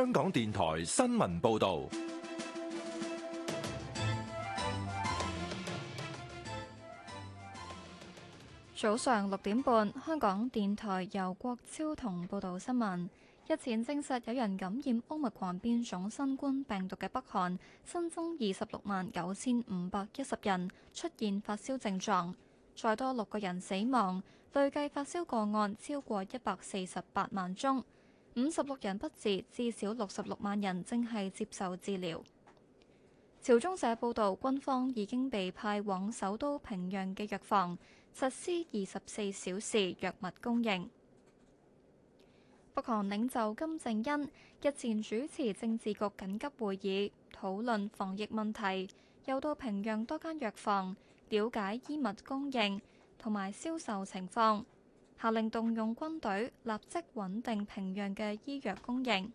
香港電台新聞報道，早上六點半，香港電台由郭超同報道新聞。日前證實有人感染 Omicron 變種新冠病毒嘅北韓新增二十六萬九千五百一十人出現發燒症狀，再多六個人死亡，累計發燒個案超過一百四十八萬宗。五十六人不治，至少六十六萬人正係接受治療。朝中社報導，軍方已經被派往首都平壤嘅藥房，實施二十四小時藥物供應。北韓領袖金正恩日前主持政治局緊急會議，討論防疫問題，又到平壤多間藥房了解藥物供應同埋銷售情況。下令動用軍隊，立即穩定平壤嘅醫藥供應。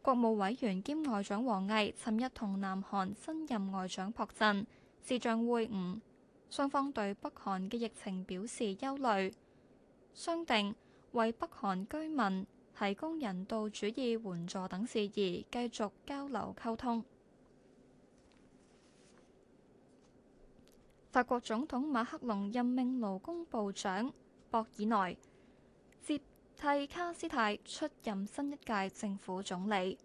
國務委員兼外長王毅尋日同南韓新任外長朴振視像會晤，雙方對北韓嘅疫情表示憂慮，商定為北韓居民提供人道主義援助等事宜，繼續交流溝通。法國總統馬克龍任命勞工部長博爾內接替卡斯泰出任新一屆政府總理。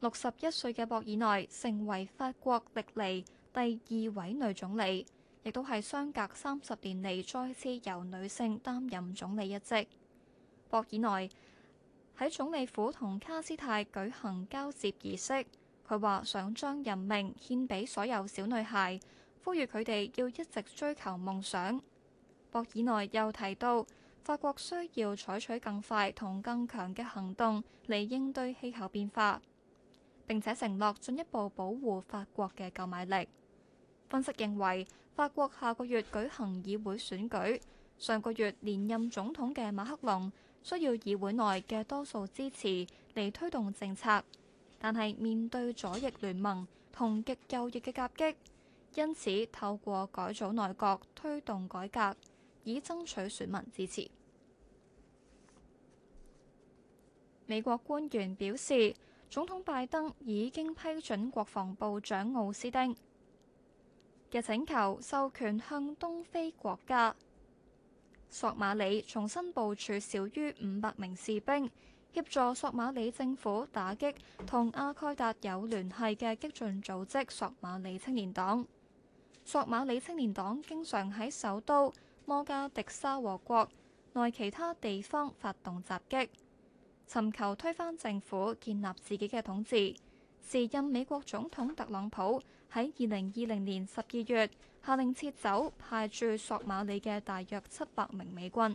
六十一歲嘅博爾內成為法國歷來第二位女總理，亦都係相隔三十年嚟再次由女性擔任總理一職。博爾內喺總理府同卡斯泰舉行交接儀式，佢話想將任命獻俾所有小女孩。呼籲佢哋要一直追求夢想。博爾內又提到，法國需要採取更快同更強嘅行動嚟應對氣候變化，並且承諾進一步保護法國嘅購買力。分析認為，法國下個月舉行議會選舉，上個月連任總統嘅馬克龍需要議會內嘅多數支持嚟推動政策，但係面對左翼聯盟同極右翼嘅夾擊。因此，透過改組內閣推動改革，以爭取選民支持。美國官員表示，總統拜登已經批准國防部長奧斯丁嘅請求，授權向東非國家索馬里重新部署少於五百名士兵，協助索馬里政府打擊同阿蓋達有聯繫嘅激進組織索馬里青年黨。索馬里青年黨經常喺首都摩加迪沙和國內其他地方發動襲擊，尋求推翻政府、建立自己嘅統治。時任美國總統特朗普喺二零二零年十二月下令撤走派駐索馬里嘅大約七百名美軍。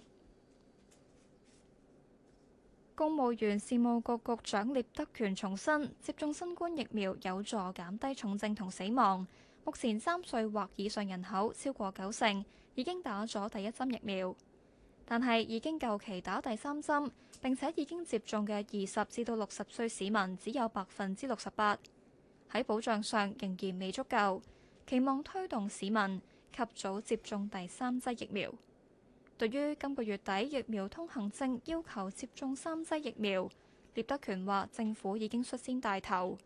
公務員事務局局長聶德權重申，接種新冠疫苗有助減低重症同死亡。目前三歲或以上人口超過九成已經打咗第一針疫苗，但係已經夠期打第三針，並且已經接種嘅二十至到六十歲市民只有百分之六十八，喺保障上仍然未足夠，期望推動市民及早接種第三劑疫苗。對於今個月底疫苗通行證要求接種三劑疫苗，聶德權話政府已經率先帶頭，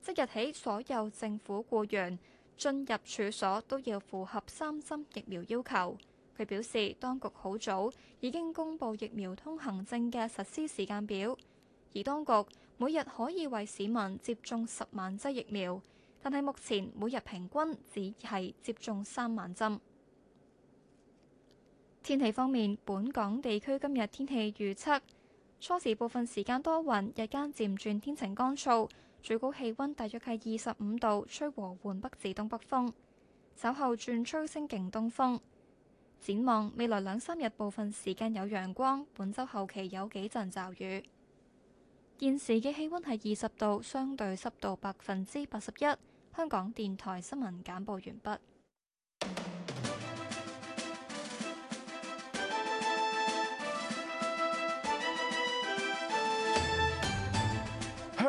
即日起所有政府僱員。進入處所都要符合三針疫苗要求。佢表示，當局好早已經公布疫苗通行證嘅實施時間表，而當局每日可以為市民接種十萬劑疫苗，但係目前每日平均只係接種三萬針。天氣方面，本港地區今日天氣預測，初時部分時間多雲，日間漸轉天晴乾燥。最高氣溫大約係二十五度，吹和緩北至東北風。稍後轉吹清勁東風。展望未來兩三日部分時間有陽光，本週後期有幾陣驟雨。現時嘅氣溫係二十度，相對濕度百分之八十一。香港電台新聞簡報完畢。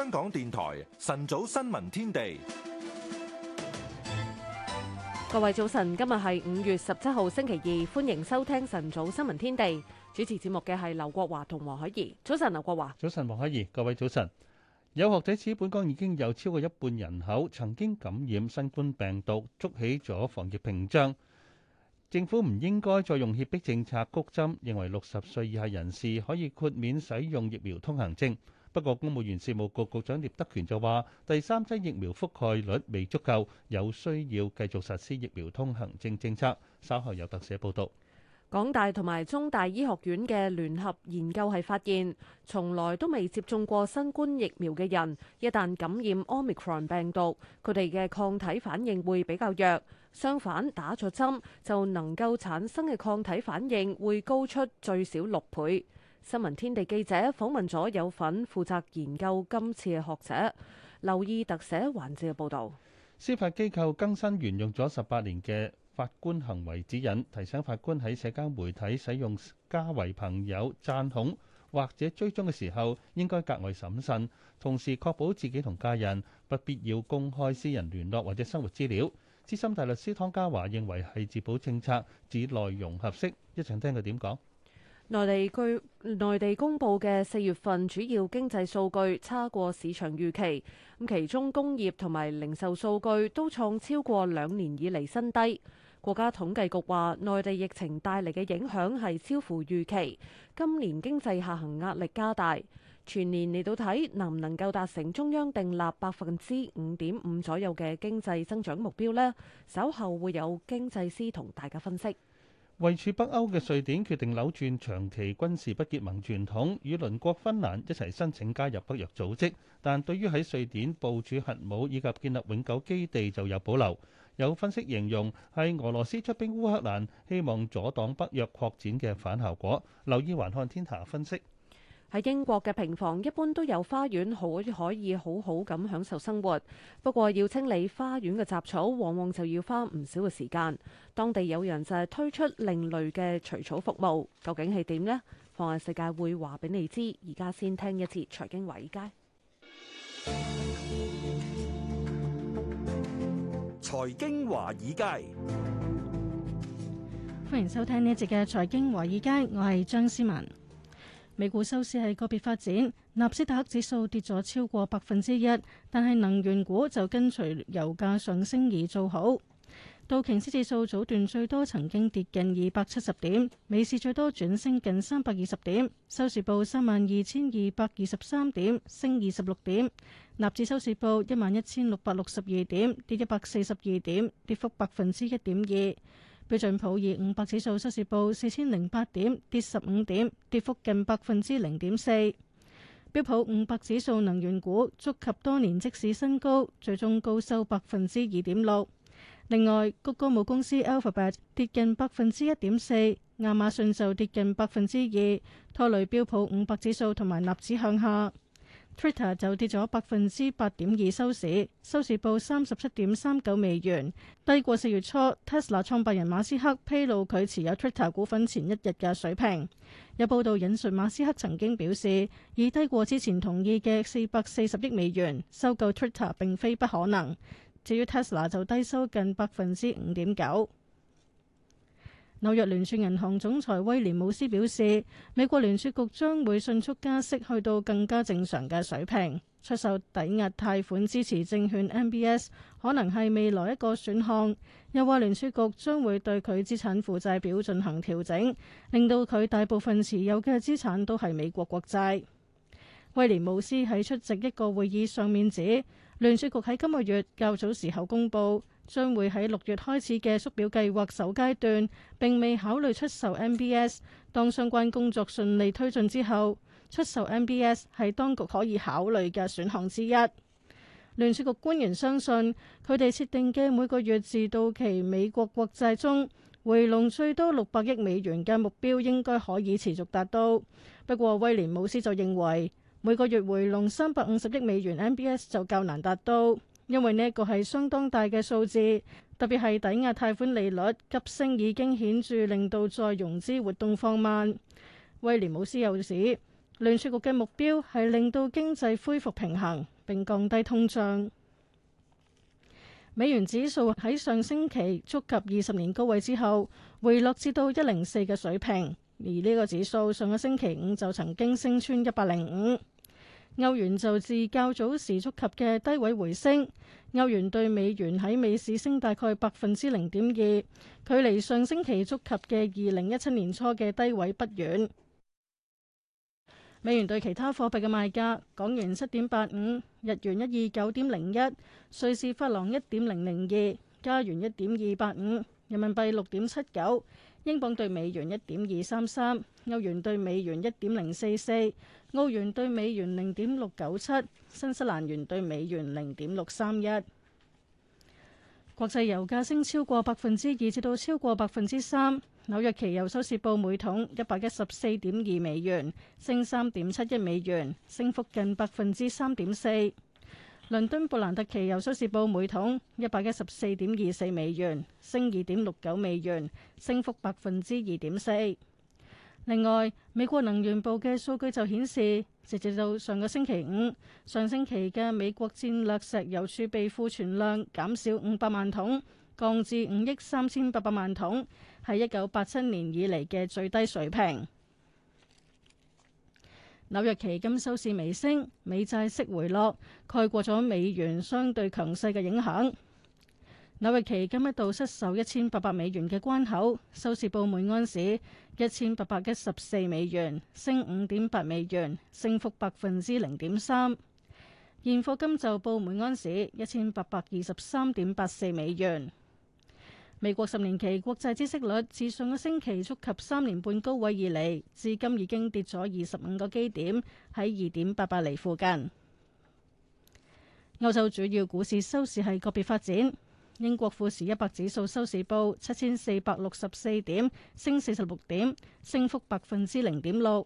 香港電台晨早新聞天地，各位早晨，今日係五月十七號星期二，歡迎收聽晨早新聞天地。主持節目嘅係劉國華同黃海怡。早晨，劉國華。早晨，黃海怡。各位早晨。有學者指，本港已經有超過一半人口曾經感染新冠病毒，築起咗防疫屏障。政府唔應該再用脅迫政策谷針，認為六十歲以下人士可以豁免使用疫苗通行證。不過，公務員事務局局長聶德權就話：第三劑疫苗覆蓋率未足夠，有需要繼續實施疫苗通行證政策。稍後有特寫報道。港大同埋中大醫學院嘅聯合研究係發現，從來都未接種過新冠疫苗嘅人，一旦感染 Omicron 病毒，佢哋嘅抗體反應會比較弱。相反，打咗針就能夠產生嘅抗體反應會高出最少六倍。新聞天地記者訪問咗有份負責研究今次嘅學者，留意特寫環節嘅報導。司法機構更新沿用咗十八年嘅法官行為指引，提醒法官喺社交媒體使用加為朋友、讚好或者追蹤嘅時候，應該格外審慎，同時確保自己同家人不必要公開私人聯絡或者生活資料。資深大律師湯家驊認為係自保政策，指內容合適。一陣聽佢點講。內地據內地公佈嘅四月份主要經濟數據差過市場預期，咁其中工業同埋零售數據都創超過兩年以嚟新低。國家統計局話，內地疫情帶嚟嘅影響係超乎預期，今年經濟下行壓力加大。全年嚟到睇，能唔能夠達成中央定立百分之五點五左右嘅經濟增長目標呢？稍後會有經濟師同大家分析。位處北歐嘅瑞典決定扭轉長期軍事不結盟傳統，與鄰國芬蘭一齊申請加入北約組織，但對於喺瑞典部署核武以及建立永久基地就有保留。有分析形容，係俄羅斯出兵烏克蘭，希望阻擋北約擴展嘅反效果。留意環看天下分析。喺英國嘅平房一般都有花園，好可以好好咁享受生活。不過要清理花園嘅雜草，往往就要花唔少嘅時間。當地有人就係推出另類嘅除草服務，究竟係點呢？《放眼世界》會話俾你知。而家先聽一次《財經華爾街》。財經華爾街，歡迎收聽呢一節嘅《財經華爾街》，我係張思文。美股收市係個別發展，納斯達克指數跌咗超過百分之一，但係能源股就跟隨油價上升而做好。道瓊斯指數早段最多曾經跌近二百七十點，尾市最多轉升近三百二十點，收市報三萬二千二百二十三點，升二十六點。納指收市報一萬一千六百六十二點，跌一百四十二點，跌幅百分之一點二。標準普爾五百指數收市報四千零八點，跌十五點，跌幅近百分之零點四。標普五百指數能源股觸及多年即市新高，最終高收百分之二點六。另外，谷歌母公司 Alphabet 跌近百分之一點四，亞馬遜就跌近百分之二，拖累標普五百指數同埋納指向下。Twitter 就跌咗百分之八點二收市，收市報三十七點三九美元，低過四月初 Tesla 創辦人馬斯克披露佢持有 Twitter 股份前一日嘅水平。有報道引述馬斯克曾經表示，以低過之前同意嘅四百四十億美元收購 Twitter 並非不可能。至於 Tesla 就低收近百分之五點九。紐約聯儲銀行總裁威廉姆斯表示，美國聯儲局將會迅速加息去到更加正常嘅水平。出售抵押貸款支持證券 （MBS） 可能係未來一個選項。又話聯儲局將會對佢資產負債表進行調整，令到佢大部分持有嘅資產都係美國國債。威廉姆斯喺出席一個會議上面指，聯儲局喺今個月較早時候公布。將會喺六月開始嘅縮表計劃首階段，並未考慮出售 MBS。當相關工作順利推進之後，出售 MBS 係當局可以考慮嘅選項之一。聯儲局官員相信，佢哋設定嘅每個月自到期美國國債中回籠最多六百億美元嘅目標，應該可以持續達到。不過，威廉姆斯就認為每個月回籠三百五十億美元 MBS 就較難達到。因為呢個係相當大嘅數字，特別係抵押貸款利率急升已經顯著令到再融資活動放慢。威廉姆斯又指，聯儲局嘅目標係令到經濟恢復平衡，並降低通脹。美元指數喺上星期觸及二十年高位之後，回落至到一零四嘅水平，而呢個指數上個星期五就曾經升穿一百零五。歐元就至較早時觸及嘅低位回升，歐元對美元喺美市升大概百分之零點二，距離上星期觸及嘅二零一七年初嘅低位不遠。美元對其他貨幣嘅賣價：港元七點八五，日元一二九點零一，瑞士法郎一點零零二，加元一點二八五，人民幣六點七九，英鎊兌美元一點二三三，歐元兌美元一點零四四。澳元對美元零點六九七，新西蘭元對美元零點六三一。國際油價升超過百分之二，至到超過百分之三。紐約期油收市報每桶一百一十四點二美元，升三點七一美元，升幅近百分之三點四。倫敦布蘭特期油收市報每桶一百一十四點二四美元，升二點六九美元，升幅百分之二點四。另外，美國能源部嘅數據就顯示，直至到上個星期五上星期嘅美國戰略石油儲備庫存量減少五百萬桶，降至五億三千八百萬桶，係一九八七年以嚟嘅最低水平。紐約期金收市微升，美債息回落，蓋過咗美元相對強勢嘅影響。紐約期金一度失守一千八百美元嘅關口，收市報每安士一千八百一十四美元，升五點八美元，升幅百分之零點三。現貨金就報每安士一千八百二十三點八四美元。美國十年期國債息率自上個星期觸及三年半高位以嚟，至今已經跌咗二十五個基點，喺二點八八厘附近。歐洲主要股市收市係個別發展。英國富時一百指數收市報七千四百六十四點，升四十六點，升幅百分之零點六。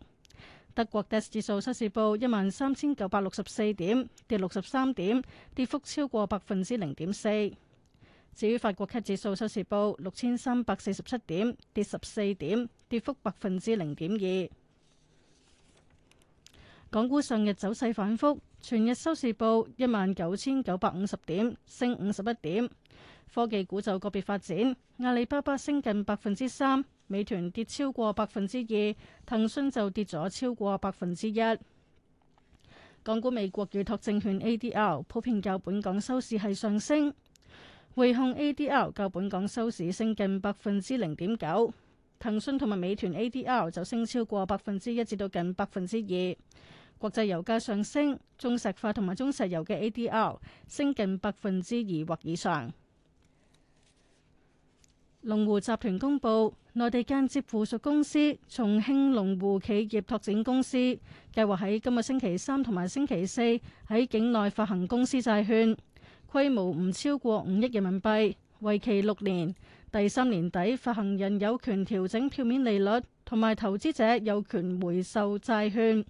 德國 DAX 指數收市報一萬三千九百六十四點，跌六十三點，跌幅超過百分之零點四。至於法國 CAC 指數收市報六千三百四十七點，跌十四點，跌幅百分之零點二。港股上日走勢反復。全日收市報一萬九千九百五十點，升五十一點。科技股就個別發展，阿里巴巴升近百分之三，美團跌超過百分之二，騰訊就跌咗超過百分之一。港股美國預託證券 ADR 普遍較本港收市係上升，匯控 ADR 較本港收市升近百分之零點九，騰訊同埋美團 ADR 就升超過百分之一至到近百分之二。國際油價上升，中石化同埋中石油嘅 ADR 升近百分之二或以上。龍湖集團公布，內地間接附屬公司重慶龍湖企業拓展公司計劃喺今個星期三同埋星期四喺境內發行公司債券，規模唔超過五億人民幣，為期六年。第三年底發行人有權調整票面利率，同埋投資者有權回售債券。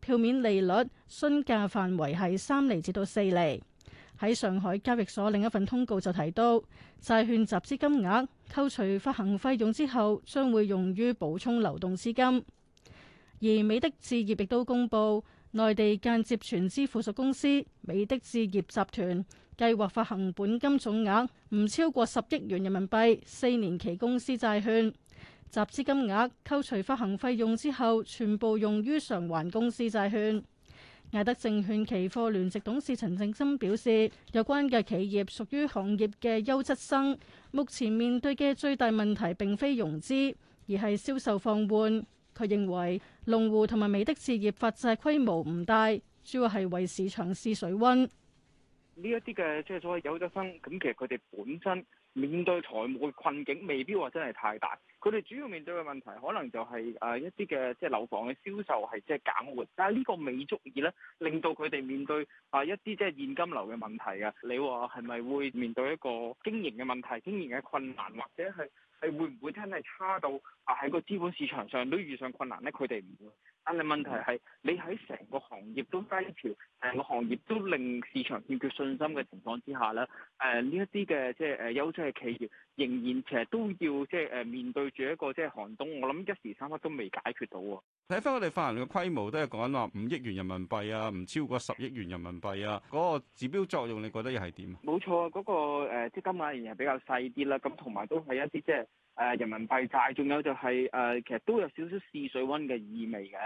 票面利率詢價範圍係三釐至到四釐。喺上海交易所另一份通告就提到，債券集資金額扣除發行費用之後，將會用於補充流動資金。而美的置業亦都公布，內地間接全資附屬公司美的置業集團計劃發行本金總額唔超過十億元人民幣四年期公司債券。集資金額扣除發行費用之後，全部用於償還公司債券。艾德證券期貨聯席董事陳正森表示，有關嘅企業屬於行業嘅優質生，目前面對嘅最大問題並非融資，而係銷售放緩。佢認為，龍湖同埋美的置業發債規模唔大，主要係為市場試水溫。呢一啲嘅即係所謂優質生，咁其實佢哋本身面對財務嘅困境，未必話真係太大。佢哋主要面對嘅問題，可能就係誒一啲嘅即係樓房嘅銷售係即係減緩，但係呢個未足以咧，令到佢哋面對啊一啲即係現金流嘅問題嘅。你話係咪會面對一個經營嘅問題、經營嘅困難，或者係係會唔會真係差到啊喺個資本市場上都遇上困難呢？佢哋唔會。但係問題係，你喺成個行業都低調，成個行業都令市場欠缺信心嘅情況之下咧，誒呢一啲嘅即係誒優質嘅企業，仍然其實都要即係誒面對住一個即係寒冬。我諗一時三刻都未解決到喎。睇翻我哋發行嘅規模，都係講緊話五億元人民幣啊，唔超過十億元人民幣啊，嗰個指標作用，你覺得又係點啊？冇錯，嗰個誒即金額仍然係比較細啲啦。咁同埋都係一啲即係。誒人民幣債，仲有就係、係、誒、呃，其實都有少少試水溫嘅意味嘅。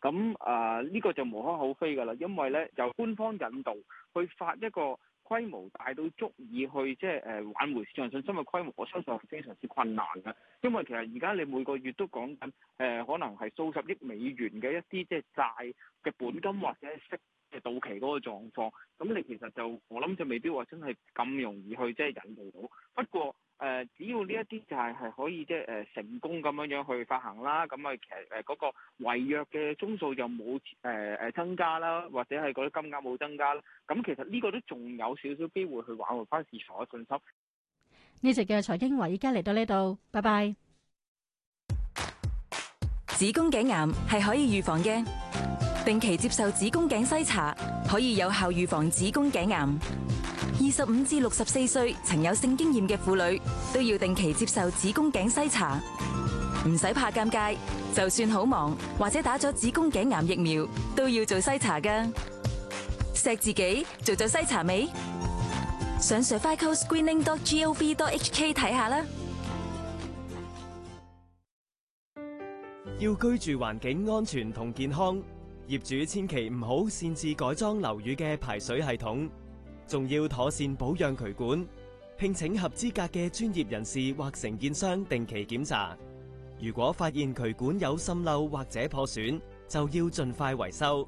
咁、嗯、啊，呢、呃呢個就無可厚非㗎啦，因為咧由官方引導去發一個規模大到足以去即係誒挽回市場信心嘅規模，我相信非常之困難嘅。因為其實而家你每個月都講緊誒，可能係數十億美元嘅一啲即係債嘅本金或者息嘅到期嗰個狀況，咁你其實就我諗就未必話真係咁容易去即係、就係、引導到。不過，誒、呃，只要呢一啲就係係可以即係誒成功咁樣樣去發行啦，咁、呃、啊其實誒嗰個違約嘅宗數又冇誒誒增加啦，或者係嗰啲金額冇增加啦，咁、呃、其實呢個都仲有少少機會去挽回翻市場嘅信心。呢集嘅財經話，而家嚟到呢度，拜拜。子宮頸癌係可以預防嘅，定期接受子宮頸篩查可以有效預防子宮頸癌。二十五至六十四歲曾有性經驗嘅婦女都要定期接受子宮頸篩查，唔使怕尷尬。就算好忙或者打咗子宮頸癌疫苗，都要做篩查㗎。錫自己做咗篩查未？上 cervical screening dot gov dot hk 睇下啦。要居住環境安全同健康，業主千祈唔好擅自改裝樓宇嘅排水系統。仲要妥善保養渠管，聘請合資格嘅專業人士或承建商定期檢查。如果發現渠管有滲漏或者破損，就要盡快維修。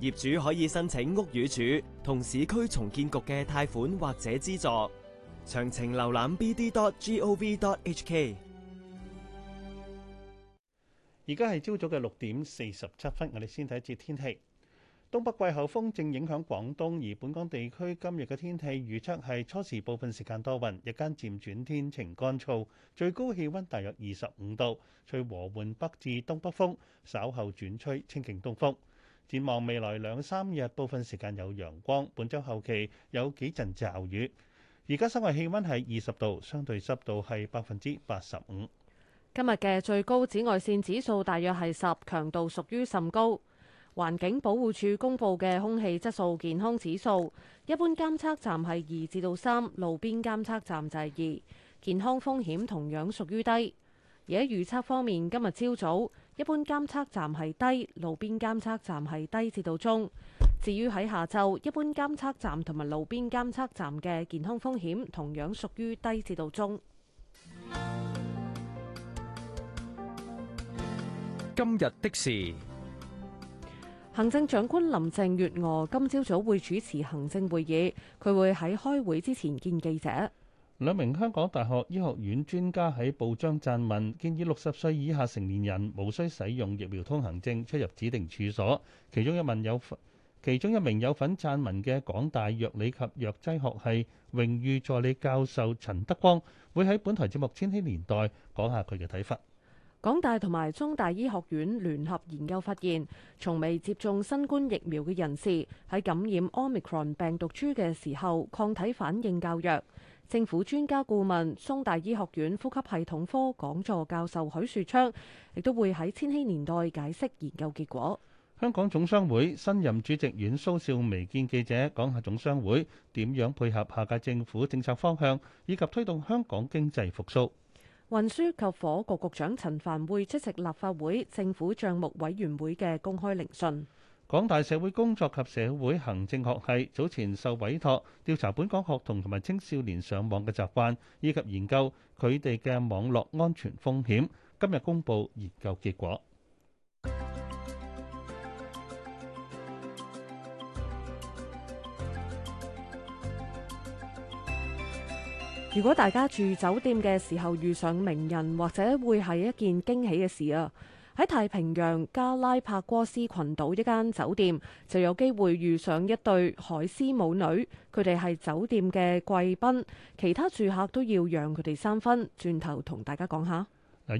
業主可以申請屋宇署同市區重建局嘅貸款或者資助。詳情瀏覽 bd.gov.hk。而家係朝早嘅六點四十七分，我哋先睇一節天氣。東北季候風正影響廣東，而本港地區今日嘅天氣預測係初時部分時間多雲，日間漸轉天晴乾燥，最高氣溫大約二十五度，吹和緩北至東北風，稍後轉吹清勁東風，展望未來兩三日，部分時間有陽光，本周後期有幾陣驟雨。而家室外氣溫係二十度，相對濕度係百分之八十五。今日嘅最高紫外線指數大約係十，強度屬於甚高。環境保護署公布嘅空氣質素健康指數，一般監測站係二至到三，路邊監測站就係二，健康風險同樣屬於低。而喺預測方面，今日朝早一般監測站係低，路邊監測站係低至到中。至於喺下晝，一般監測站同埋路邊監測站嘅健康風險同樣屬於低至到中。今日的事。行政長官林鄭月娥今朝早會主持行政會議，佢會喺開會之前見記者。兩名香港大學醫學院專家喺報章撰文，建議六十歲以下成年人無需使用疫苗通行證出入指定處所。其中一名有其中一名有份撰文嘅港大藥理及藥劑學系榮譽助理教授陳德光，會喺本台節目《千禧年代》講下佢嘅睇法。港大同埋中大醫學院聯合研究發現，從未接種新冠疫苗嘅人士喺感染 omicron 病毒株嘅時候，抗體反應較弱。政府專家顧問、中大醫學院呼吸系統科講座教授許樹昌亦都會喺千禧年代解釋研究結果。香港總商會新任主席阮蘇少湄見記者講下總商會點樣配合下屆政府政策方向，以及推動香港經濟復蘇。運輸及火局局長陳帆會出席立法會政府賬目委員會嘅公開聆訊。港大社會工作及社會行政學系早前受委託調查本港學童同埋青少年上網嘅習慣，以及研究佢哋嘅網絡安全風險，今日公布研究結果。如果大家住酒店嘅時候遇上名人，或者會係一件驚喜嘅事啊！喺太平洋加拉帕戈斯群島一間酒店就有機會遇上一對海獅母女，佢哋係酒店嘅貴賓，其他住客都要讓佢哋三分。轉頭同大家講下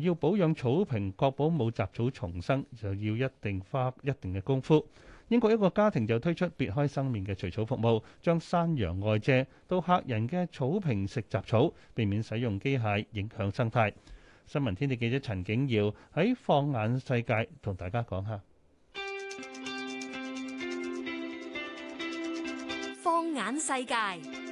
要保養草坪，確保冇雜草叢生，就要一定花一定嘅功夫。英國一個家庭就推出別開生面嘅除草服務，將山羊外借到客人嘅草坪食雜草，避免使用機械影響生態。新聞天地記者陳景耀喺放眼世界同大家講下。放眼世界。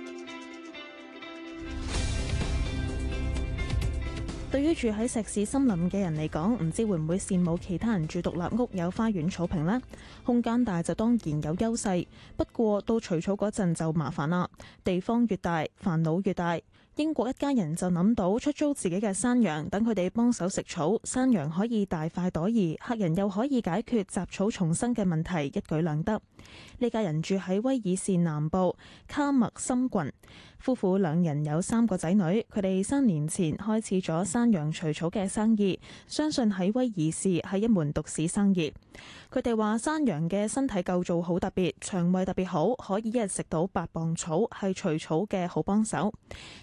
對於住喺石屎森林嘅人嚟講，唔知會唔會羨慕其他人住獨立屋有花園草坪呢？空間大就當然有優勢，不過到除草嗰陣就麻煩啦。地方越大，煩惱越大。英國一家人就諗到出租自己嘅山羊，等佢哋幫手食草，山羊可以大快朵頤，客人又可以解決雜草叢生嘅問題，一舉兩得。呢家人住喺威爾士南部卡麥森郡，夫婦兩人有三個仔女。佢哋三年前開始咗山羊除草嘅生意，相信喺威爾士係一門獨市生意。佢哋話山羊嘅身體構造好特別，腸胃特別好，可以一日食到八磅草，係除草嘅好幫手。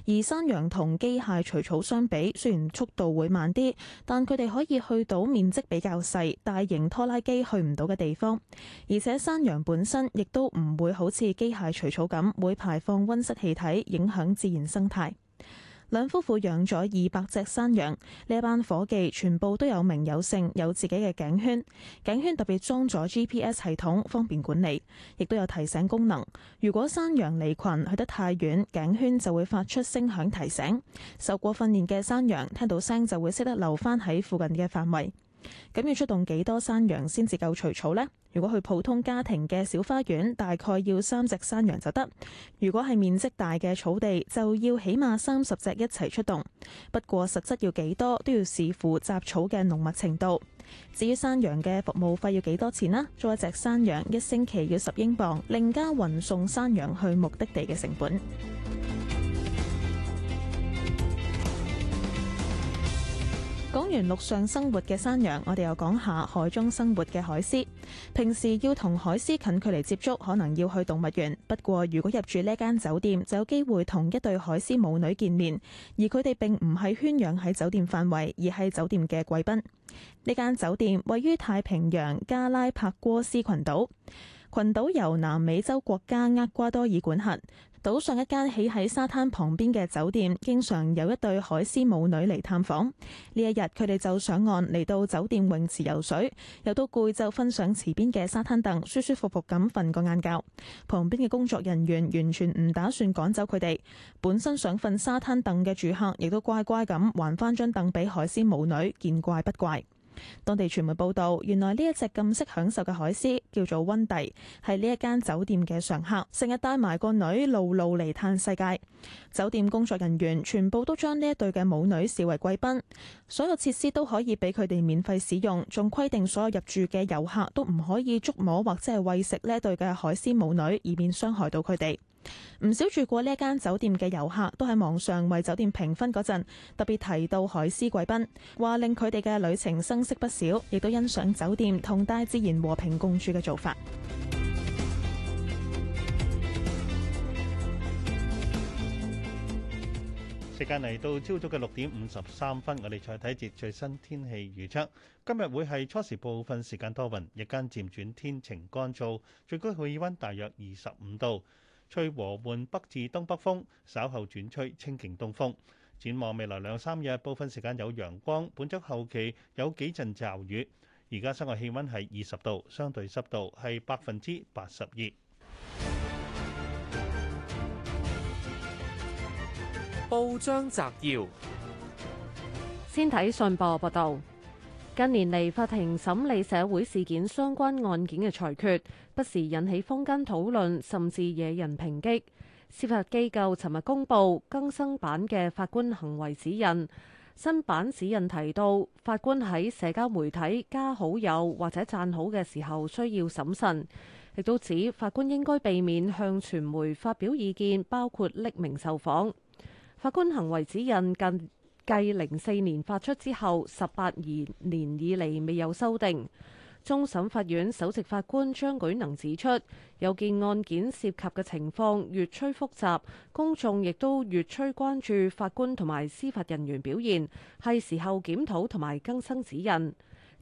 而山羊同機械除草相比，雖然速度會慢啲，但佢哋可以去到面積比較細、大型拖拉機去唔到嘅地方，而且山羊本身。亦都唔會好似機械除草咁，會排放溫室氣體，影響自然生態。兩夫婦養咗二百隻山羊，呢一班伙計全部都有名有姓，有自己嘅頸圈，頸圈特別裝咗 GPS 系統，方便管理，亦都有提醒功能。如果山羊離群去得太遠，頸圈就會發出聲響提醒。受過訓練嘅山羊聽到聲就會識得留翻喺附近嘅範圍。咁要出動幾多山羊先至夠除草呢？如果去普通家庭嘅小花園，大概要三隻山羊就得；如果係面積大嘅草地，就要起碼三十隻一齊出動。不過實質要幾多都要視乎雜草嘅濃密程度。至於山羊嘅服務費要幾多錢呢？租一隻山羊一星期要十英鎊，另加運送山羊去目的地嘅成本。講完陸上生活嘅山羊，我哋又講下海中生活嘅海獅。平時要同海獅近距離接觸，可能要去動物園。不過，如果入住呢間酒店，就有機會同一對海獅母女見面。而佢哋並唔係圈養喺酒店範圍，而係酒店嘅貴賓。呢間酒店位於太平洋加拉柏哥斯群島。群島由南美洲國家厄瓜多爾管轄，島上一間起喺沙灘旁邊嘅酒店，經常有一對海獅母女嚟探訪。呢一日，佢哋就上岸嚟到酒店泳池游水，又到攰就瞓上池邊嘅沙灘凳，舒舒服服咁瞓個晏覺。旁邊嘅工作人員完全唔打算趕走佢哋，本身想瞓沙灘凳嘅住客亦都乖乖咁還翻張凳俾海獅母女，見怪不怪。當地傳媒報道，原來呢一隻咁識享受嘅海獅叫做温蒂，係呢一間酒店嘅常客，成日帶埋個女路路嚟嘆世界。酒店工作人員全部都將呢一對嘅母女視為貴賓，所有設施都可以俾佢哋免費使用，仲規定所有入住嘅遊客都唔可以觸摸或者係喂食呢一對嘅海獅母女，以免傷害到佢哋。唔少住過呢一間酒店嘅遊客都喺網上為酒店評分嗰陣，特別提到海獅貴賓，話令佢哋嘅旅程生色不少，亦都欣賞酒店同大自然和平共處嘅做法。時間嚟到朝早嘅六點五十三分，我哋再睇一節最新天氣預測。今日會係初時部分時間多雲，日間漸轉天晴乾燥，最高氣溫大約二十五度。吹和緩北至東北風，稍後轉吹清勁東風。展望未來兩三日，部分時間有陽光。本周後期有幾陣驟雨。而家室外氣溫係二十度，相對濕度係百分之八十二。報章摘要，先睇信報報道。近年嚟，法庭審理社會事件相關案件嘅裁決，不時引起坊間討論，甚至惹人抨擊。司法機構尋日公布更新版嘅法官行為指引，新版指引提到法官喺社交媒體加好友或者讚好嘅時候需要審慎，亦都指法官應該避免向傳媒發表意見，包括匿名受訪。法官行為指引近繼零四年發出之後，十八年年以嚟未有修訂。終審法院首席法官張舉能指出，有件案件涉及嘅情況越趨複雜，公眾亦都越趨關注法官同埋司法人員表現，係時候檢討同埋更新指引。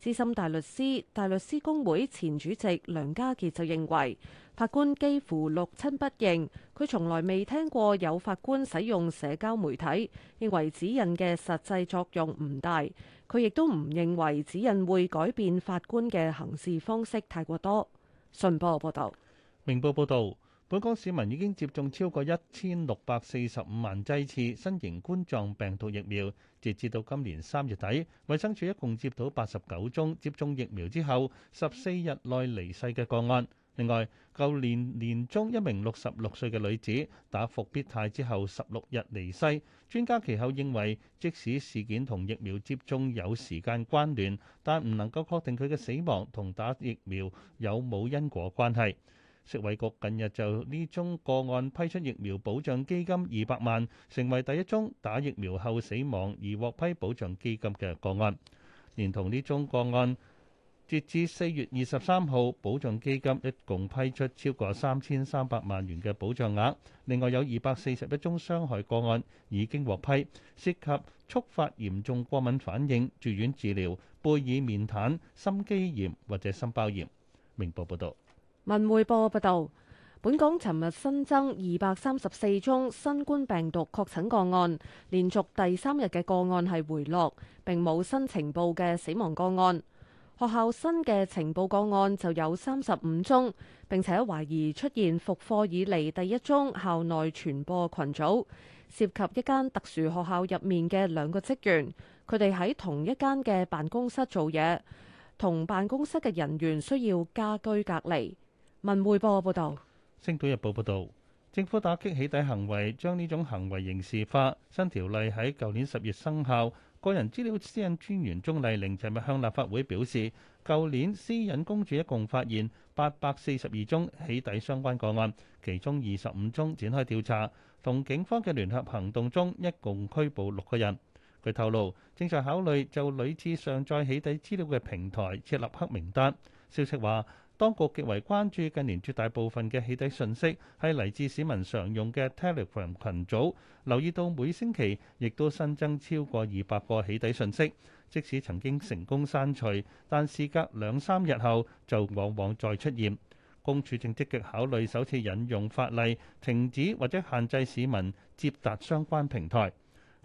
資深大律師、大律師公會前主席梁家傑就認為。法官幾乎六親不認，佢從來未聽過有法官使用社交媒體，認為指引嘅實際作用唔大。佢亦都唔認為指引會改變法官嘅行事方式，太過多。信報報道，明報報道，本港市民已經接種超過一千六百四十五萬劑次新型冠狀病毒疫苗，截至到今年三月底，衛生署一共接到八十九宗接種疫苗之後十四日內離世嘅個案。另外，舊年年中一名六十六歲嘅女子打復必泰之後十六日離世，專家其後認為，即使事件同疫苗接種有時間關聯，但唔能夠確定佢嘅死亡同打疫苗有冇因果關係。食衞局近日就呢宗個案批出疫苗保障基金二百萬，成為第一宗打疫苗後死亡而獲批保障基金嘅個案，連同呢宗個案。截至四月二十三號，保障基金一共批出超過三千三百萬元嘅保障額。另外有二百四十一宗傷害個案已經獲批，涉及觸發嚴重過敏反應、住院治療、貝爾面癱、心肌炎或者心包炎。明報報道。文匯報報道，本港尋日新增二百三十四宗新冠病毒確診個案，連續第三日嘅個案係回落，並冇新呈報嘅死亡個案。學校新嘅情報個案就有三十五宗，並且懷疑出現復課以嚟，第一宗校內傳播群組，涉及一間特殊學校入面嘅兩個職員，佢哋喺同一間嘅辦公室做嘢，同辦公室嘅人員需要家居隔離。文匯報報道。《星島日報》報道，政府打擊起底行為，將呢種行為刑事化。新條例喺舊年十月生效。個人資料私隱專員鍾麗玲尋日向立法會表示，舊年私隱公署一共發現八百四十二宗起底相關個案，其中二十五宗展開調查，同警方嘅聯合行動中，一共拘捕六個人。佢透露，正在考慮就屢次上載起底資料嘅平台設立黑名單。消息話，當局極為關注近年絕大部分嘅起底信息係嚟自市民常用嘅 Telegram 群組，留意到每星期亦都新增超過二百個起底信息，即使曾經成功刪除，但事隔兩三日後就往往再出現。公署正積極考慮首次引用法例，停止或者限制市民接達相關平台。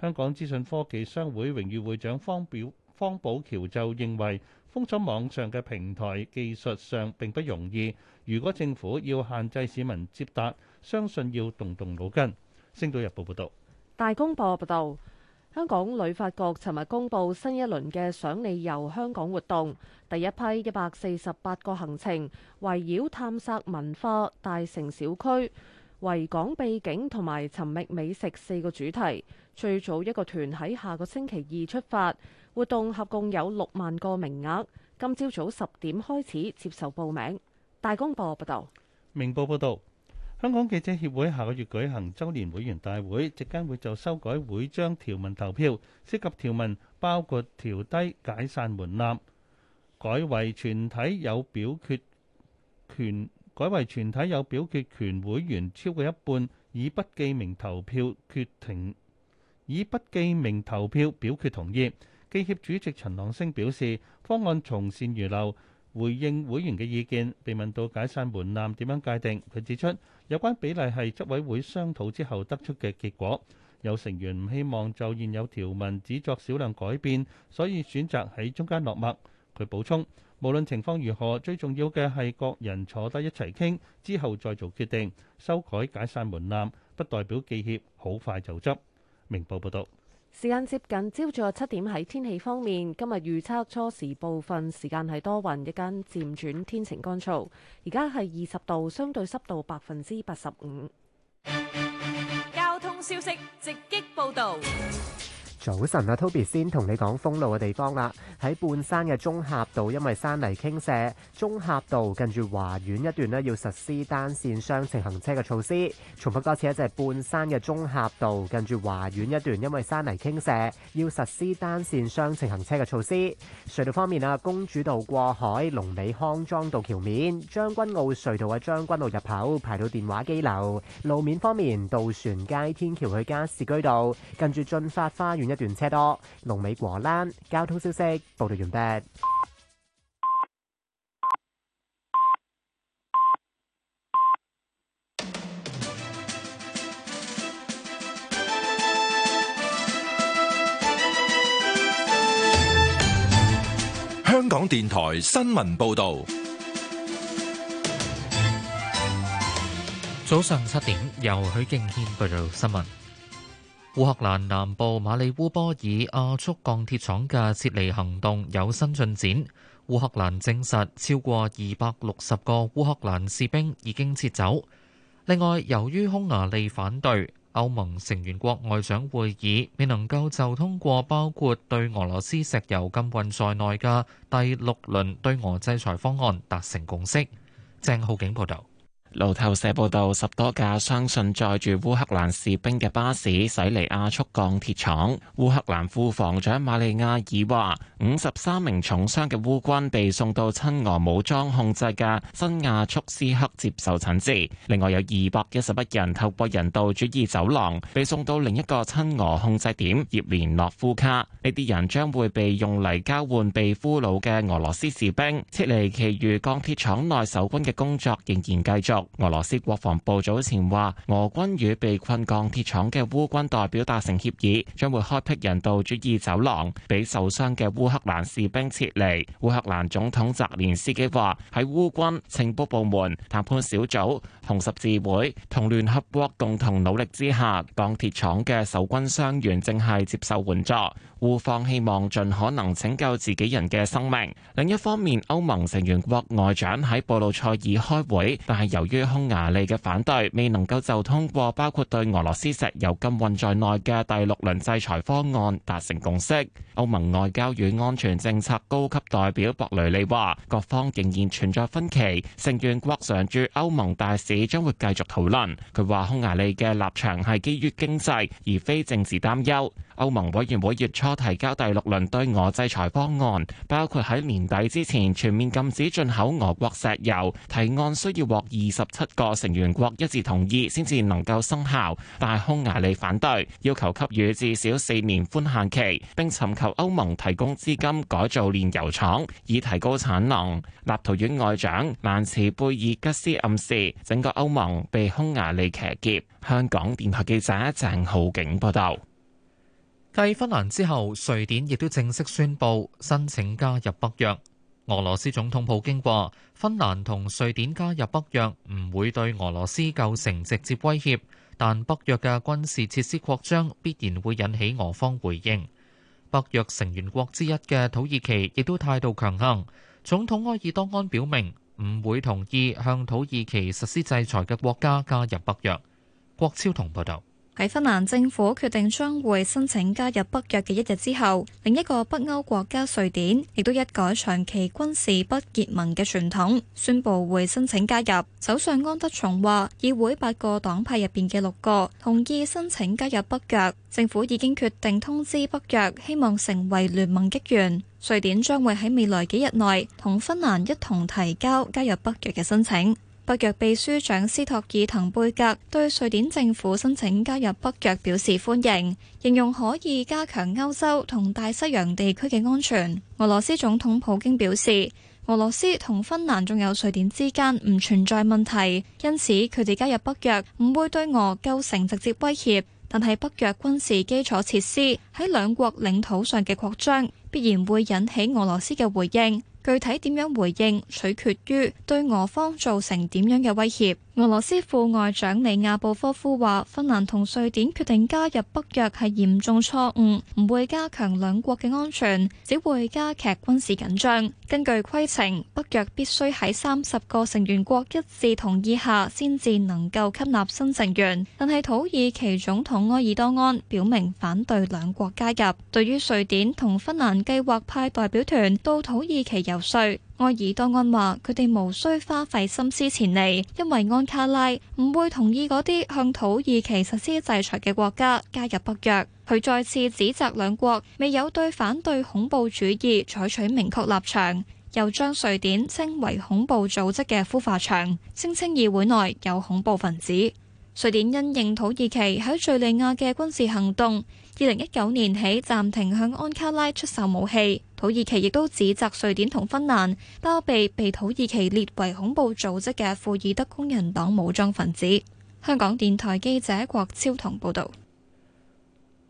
香港資訊科技商會榮譽會長方表方保橋就認為。封咗網上嘅平台，技術上並不容易。如果政府要限制市民接達，相信要動動腦筋。星島日報報道，大公報報道，香港旅發局尋日公布新一輪嘅賞你遊香港活動，第一批一百四十八個行程，圍繞探索文化、大城小區、維港背景同埋尋覓美食四個主題，最早一個團喺下個星期二出發。活動合共有六萬個名額，今朝早十點開始接受報名。大公報報道：「明報報道，香港記者協會下個月舉行周年會員大會，席間會就修改會章條文投票，涉及條文包括調低解散門檻，改為全體有表決權，改為全體有表決權會員超過一半以不記名投票決定，以不記名投票表決同意。記協主席陳朗升表示，方案從善如流，回應會員嘅意見。被問到解散門檻點樣界定，佢指出有關比例係執委會商討之後得出嘅結果。有成員唔希望就現有條文只作少量改變，所以選擇喺中間落墨。佢補充，無論情況如何，最重要嘅係各人坐低一齊傾之後再做決定。修改解散門檻不代表記協好快就執。明報報道。時間接近朝早七點，喺天氣方面，今日預測初時部分時間係多雲，一間漸轉天晴乾燥。而家係二十度，相對濕度百分之八十五。交通消息直擊報道。早晨啊，Toby 先同你講封路嘅地方啦。喺半山嘅中峽道，因為山泥傾瀉，中峽道近住華苑一段咧，要實施單線雙程行車嘅措施。重複多次，一就係半山嘅中峽道近住華苑一段，因為山泥傾瀉，要實施單線雙程行車嘅措施。隧道方面啊，公主道過海、龍尾康莊道橋面、將軍澳隧道嘅將軍澳入口排到電話機樓。路面方面，渡船街天橋去加士居道，近住駿發花園一。一段車多，龍尾過欄。交通消息報導完畢。香港電台新聞報導，早上七點由許敬軒報導新聞。烏克蘭南部馬里烏波爾亞速鋼鐵廠嘅撤離行動有新進展。烏克蘭證實超過二百六十個烏克蘭士兵已經撤走。另外，由於匈牙利反對，歐盟成員國外長會議未能夠就通過包括對俄羅斯石油禁運在內嘅第六輪對俄制裁方案達成共識。鄭浩景報道。路透社報道，十多架相信載住烏克蘭士兵嘅巴士駛離亞速鋼鐵廠。烏克蘭副防長瑪利亞爾話，五十三名重傷嘅烏軍被送到親俄武裝控制嘅新亞速斯克接受診治。另外有二百一十一人透過人道主義走廊被送到另一個親俄控制點葉連諾夫卡，呢啲人將會被用嚟交換被俘虜嘅俄羅斯士兵。撤離其餘鋼鐵廠內守軍嘅工作仍然繼續。俄羅斯國防部早前話，俄軍與被困鋼鐵廠嘅烏軍代表達成協議，將會開闢人道主義走廊，俾受傷嘅烏克蘭士兵撤離。烏克蘭總統澤連斯基話：喺烏軍、情報部門、談判小組、紅十字會同聯合國共同努力之下，鋼鐵廠嘅守軍傷員正係接受援助。烏方希望盡可能拯救自己人嘅生命。另一方面，歐盟成員國外長喺布魯塞爾開會，但係由於於匈牙利嘅反對，未能夠就通過包括對俄羅斯石油禁運在內嘅第六輪制裁方案達成共識。歐盟外交與安全政策高級代表博雷利話：各方仍然存在分歧，成員國常駐歐盟大使將會繼續討論。佢話：匈牙利嘅立場係基於經濟，而非政治擔憂。歐盟委員會月初提交第六輪對俄制裁方案，包括喺年底之前全面禁止進口俄國石油。提案需要獲二十七個成員國一致同意先至能夠生效，但匈牙利反對，要求給予至少四年寬限期，並尋求歐盟提供資金改造煉油廠以提高產能。立陶宛外長蘭茨貝爾吉斯暗示，整個歐盟被匈牙利騎劫。香港電台記者鄭浩景報道。繼芬蘭之後，瑞典亦都正式宣布申請加入北約。俄羅斯總統普京話，芬蘭同瑞典加入北約唔會對俄羅斯構成直接威脅，但北約嘅軍事設施擴張必然會引起俄方回應。北約成員國之一嘅土耳其亦都態度強硬，總統埃爾多安表明唔會同意向土耳其實施制裁嘅國家加入北約。郭超同報道。喺芬蘭政府決定將會申請加入北約嘅一日之後，另一個北歐國家瑞典亦都一改長期軍事不結盟嘅傳統，宣布會申請加入。首相安德松話，議會八個黨派入邊嘅六個同意申請加入北約，政府已經決定通知北約，希望成為聯盟的一員。瑞典將會喺未來幾日內同芬蘭一同提交加入北約嘅申請。北約秘書長斯托爾滕貝格對瑞典政府申請加入北約表示歡迎，形容可以加強歐洲同大西洋地區嘅安全。俄羅斯總統普京表示，俄羅斯同芬蘭仲有瑞典之間唔存在問題，因此佢哋加入北約唔會對俄構成直接威脅。但係北約軍事基礎設施喺兩國領土上嘅擴張，必然會引起俄羅斯嘅回應。具體點樣回應，取決於對俄方造成點樣嘅威脅。俄羅斯副外長里亞布科夫話：芬蘭同瑞典決定加入北約係嚴重錯誤，唔會加強兩國嘅安全，只會加劇軍事緊張。根據規程，北約必須喺三十個成員國一致同意下，先至能夠吸納新成員。但係土耳其總統埃爾多安表明反對兩國加入。對於瑞典同芬蘭計劃派代表團到土耳其游說。埃爾多安話：佢哋無需花費心思前嚟，因為安卡拉唔會同意嗰啲向土耳其實施制裁嘅國家加入北約。佢再次指責兩國未有對反對恐怖主義採取明確立場，又將瑞典稱為恐怖組織嘅孵化場，聲稱議會內有恐怖分子。瑞典因應土耳其喺敘利亞嘅軍事行動，二零一九年起暫停向安卡拉出售武器。土耳其亦都指責瑞典同芬蘭包庇被土耳其列為恐怖組織嘅庫爾德工人黨武裝分子。香港電台記者郭超棠報道，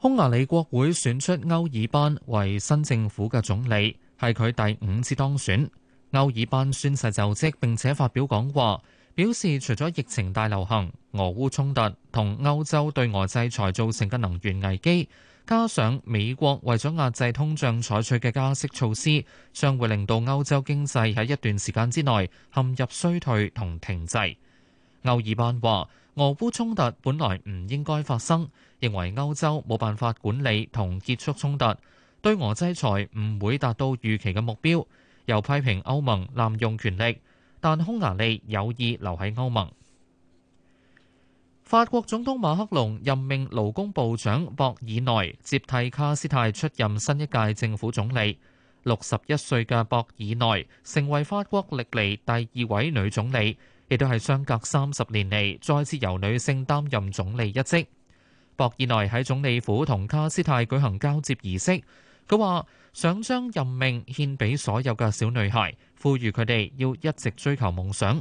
匈牙利國會選出歐爾班為新政府嘅總理，係佢第五次當選。歐爾班宣誓就職，並且發表講話，表示除咗疫情大流行、俄烏衝突同歐洲對俄制裁造成嘅能源危機。加上美國為咗壓制通脹採取嘅加息措施，將會令到歐洲經濟喺一段時間之內陷入衰退同停滯，歐爾班話俄烏衝突本來唔應該發生，認為歐洲冇辦法管理同結束衝突，對俄制裁唔會達到預期嘅目標，又批評歐盟濫用權力，但匈牙利有意留喺歐盟。法國總統馬克龍任命勞工部長博爾內接替卡斯泰出任新一屆政府總理。六十一歲嘅博爾內成為法國歷來第二位女總理，亦都係相隔三十年嚟，再次由女性擔任總理一職。博爾內喺總理府同卡斯泰舉行交接儀式，佢話想將任命獻俾所有嘅小女孩，呼籲佢哋要一直追求夢想。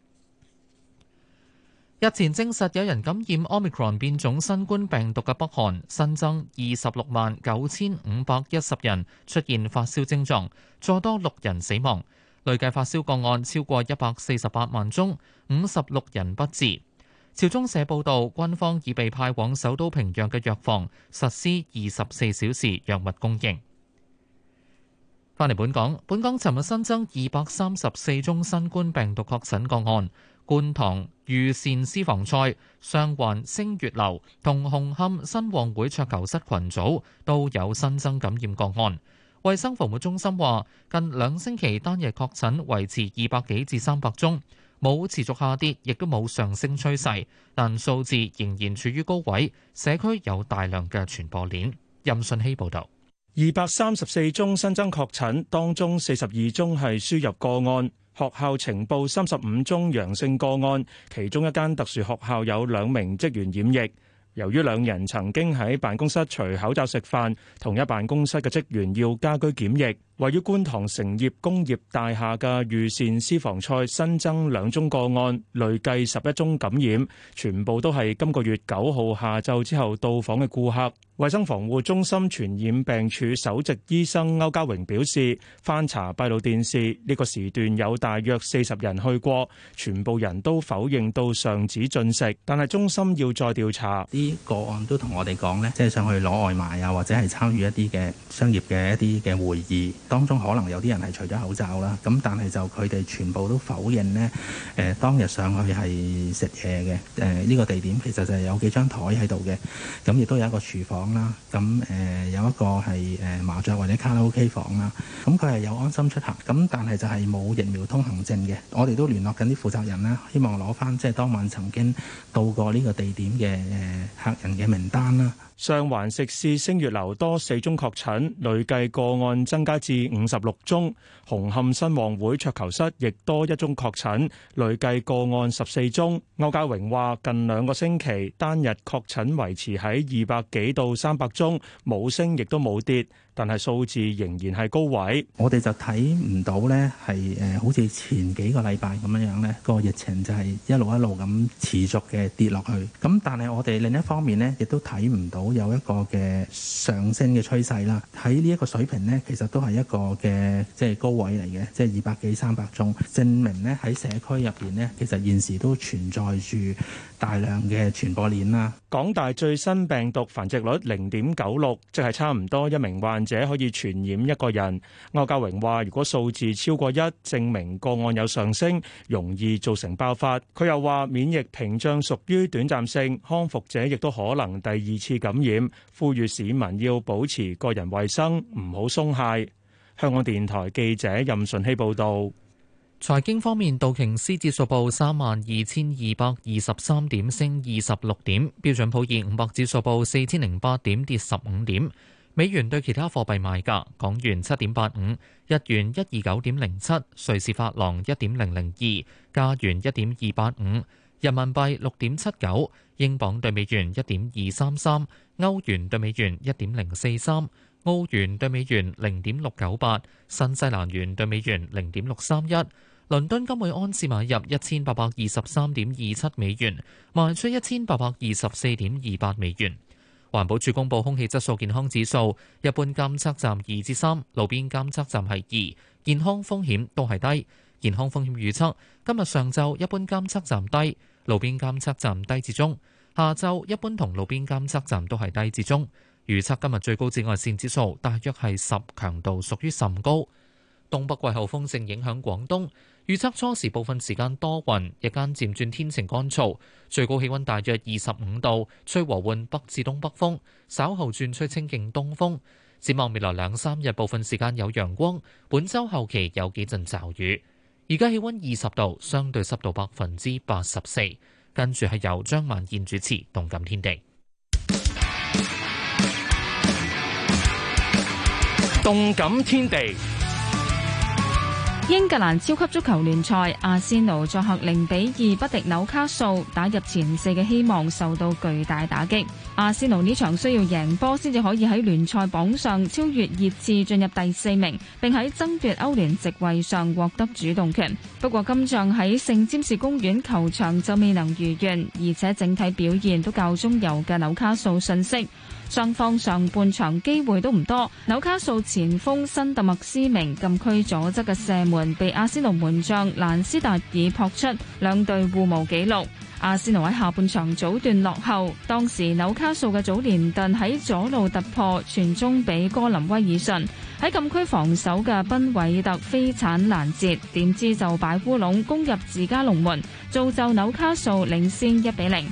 日前證實有人感染 Omicron 變種新冠病毒嘅北韓，新增二十六萬九千五百一十人出現發燒症狀，再多六人死亡，累計發燒個案超過一百四十八萬宗，五十六人不治。朝中社報道，軍方已被派往首都平壤嘅藥房實施二十四小時藥物供應。返嚟本港，本港尋日新增二百三十四宗新冠病毒確診個案。泮塘御膳私房菜、上環星月樓同紅磡新旺會桌球室群組都有新增感染個案。衛生防護中心話，近兩星期單日確診維持二百幾至三百宗，冇持續下跌，亦都冇上升趨勢，但數字仍然處於高位，社區有大量嘅傳播鏈。任信希報導，二百三十四宗新增確診，當中四十二宗係輸入個案。學校呈報三十五宗陽性個案，其中一間特殊學校有兩名職員染疫，由於兩人曾經喺辦公室除口罩食飯，同一辦公室嘅職員要家居檢疫。位於觀塘成業工業大廈嘅御膳私房菜新增兩宗個案，累計十一宗感染，全部都係今個月九號下晝之後到訪嘅顧客。衞生防護中心傳染病處首席醫生歐家榮表示，翻查閉路電視呢、這個時段有大約四十人去過，全部人都否認到上址進食，但係中心要再調查啲個案都同我哋講呢即係想去攞外賣啊，或者係參與一啲嘅商業嘅一啲嘅會議。當中可能有啲人係除咗口罩啦，咁但係就佢哋全部都否認呢。誒、呃、當日上去係食嘢嘅，誒、呃、呢、呢個地點其實就係有幾張台喺度嘅，咁亦都有一個廚房啦，咁誒、呃、有一個係誒麻雀或者卡拉 OK 房啦，咁佢係有安心出行，咁但係就係冇疫苗通行證嘅。我哋都聯絡緊啲負責人啦，希望攞翻即係當晚曾經到過呢個地點嘅誒、呃、客人嘅名單啦。上環食肆星月樓多四宗確診，累計個案增加至五十六宗。紅磡新旺會桌球室亦多一宗確診，累計個案十四宗。歐家榮話：近兩個星期單日確診維持喺二百幾到三百宗，冇升亦都冇跌。但係數字仍然係高位， 我哋就睇唔到呢係誒好似前幾個禮拜咁樣樣呢個疫情就係一,一路一路咁持續嘅跌落去。咁但係我哋另一方面呢，亦都睇唔到有一個嘅上升嘅趨勢啦。喺呢一個水平呢，其實都係一個嘅即係高位嚟嘅，即係二百幾三百宗，證明呢喺社區入邊呢，其實現時都存在住。大量嘅傳播鏈啦。港大最新病毒繁殖率零點九六，即係差唔多一名患者可以傳染一個人。歐家榮話：如果數字超過一，證明個案有上升，容易造成爆發。佢又話：免疫屏障屬於短暫性，康復者亦都可能第二次感染。呼籲市民要保持個人衛生，唔好鬆懈。香港電台記者任順希報導。財經方面，道瓊斯指數報三萬二千二百二十三點，升二十六點；標準普爾五百指數報四千零八點，跌十五點。美元對其他貨幣賣價：港元七點八五，日元一二九點零七，瑞士法郎一點零零二，加元一點二八五，人民幣六點七九，英鎊對美元一點二三三，歐元對美元一點零四三，澳元對美元零點六九八，新西蘭元對美元零點六三一。倫敦金每安士買入一千八百二十三點二七美元，賣出一千八百二十四點二八美元。環保署公布空氣質素健康指數，一般監測站二至三，路邊監測站係二，健康風險都係低。健康風險預測今日上晝一般監測站低，路邊監測站低至中；下晝一般同路邊監測站都係低至中。預測今日最高紫外線指數大約係十，強度屬於甚高。東北季候風正影響廣東。預測初時部分時間多雲，日間漸轉天晴乾燥，最高氣溫大約二十五度，吹和緩北至東北風，稍後轉吹清勁東風。展望未來兩三日部分時間有陽光，本週後期有幾陣驟雨。而家氣溫二十度，相對濕度百分之八十四。跟住係由張萬燕主持《動感天地》，《動感天地》。英格蘭超級足球聯賽，阿仙奴作客零比二不敵紐卡素，打入前四嘅希望受到巨大打擊。阿仙奴呢場需要贏波先至可以喺聯賽榜上超越熱刺進入第四名，並喺爭奪歐聯席位上獲得主動權。不過今仗喺聖詹士公園球場就未能如願，而且整體表現都較中游嘅紐卡素遜色。雙方上半場機會都唔多，紐卡素前鋒辛特麥斯明禁區左側嘅射門被阿仙奴門將蘭斯達爾撲出，兩隊互無紀錄。阿仙奴喺下半場早段落後，當時紐卡素嘅早年頓喺左路突破，傳中俾哥林威爾遜喺禁區防守嘅賓韋特飛鏟攔截，點知就擺烏龍攻入自家龍門，造就紐卡素領先一比零。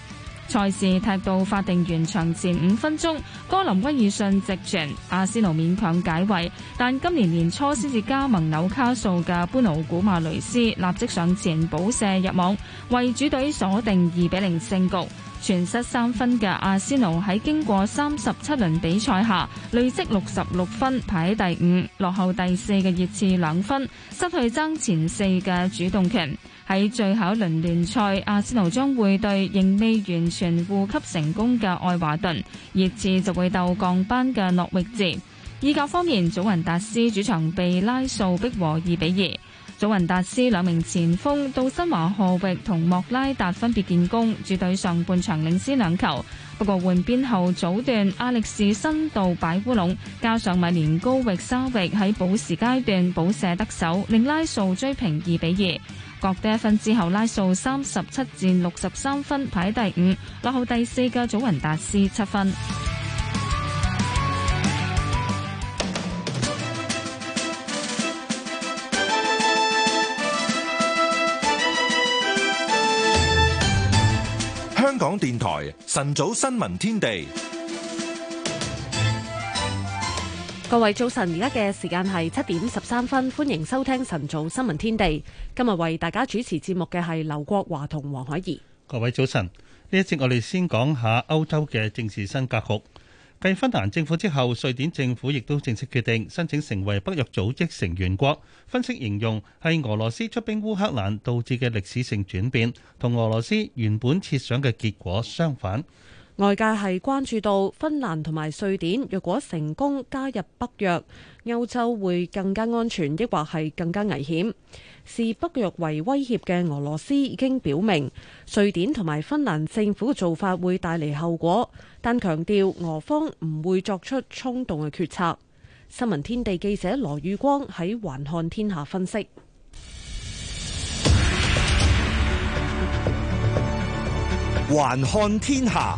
賽事踢到法定完場前五分鐘，哥林威爾遜直傳，阿仙奴勉強解圍，但今年年初先至加盟紐卡素嘅般奴古馬雷斯立即上前補射入網，為主隊鎖定二比零勝局。全失三分嘅阿仙奴喺經過三十七輪比賽下累積六十六分排喺第五，落後第四嘅熱刺兩分，失去爭前四嘅主動權。喺最後輪聯賽，阿仙奴將會對仍未完全護級成功嘅愛華頓，熱刺就會鬥降班嘅諾域治。意甲方面，祖雲達斯主場被拉素逼和二比二。祖雲達斯兩名前鋒杜新華、何域同莫拉達分別建功，主隊上半場領先兩球。不過換邊後，早段阿力士深度擺烏龍，加上米連高域沙域喺補時階段補射得手，令拉素追平二比二。各得一分之後，拉素三十七至六十三分排第五，落後第四嘅祖雲達斯七分。香港電台晨早新聞天地，各位早晨，而家嘅時間係七點十三分，歡迎收聽晨早新聞天地。今日為大家主持節目嘅係劉國華同黃海怡。各位早晨，呢一節我哋先講下歐洲嘅政治新格局。繼芬蘭政府之後，瑞典政府亦都正式決定申請成為北約組織成員國。分析形容係俄羅斯出兵烏克蘭導致嘅歷史性轉變，同俄羅斯原本設想嘅結果相反。外界係關注到芬蘭同埋瑞典若果成功加入北約，歐洲會更加安全，亦或係更加危險。視北約為威脅嘅俄羅斯已經表明，瑞典同埋芬蘭政府嘅做法會帶嚟後果。但強調俄方唔會作出衝動嘅決策。新聞天地記者羅宇光喺《還看天下》分析，《還看天下》。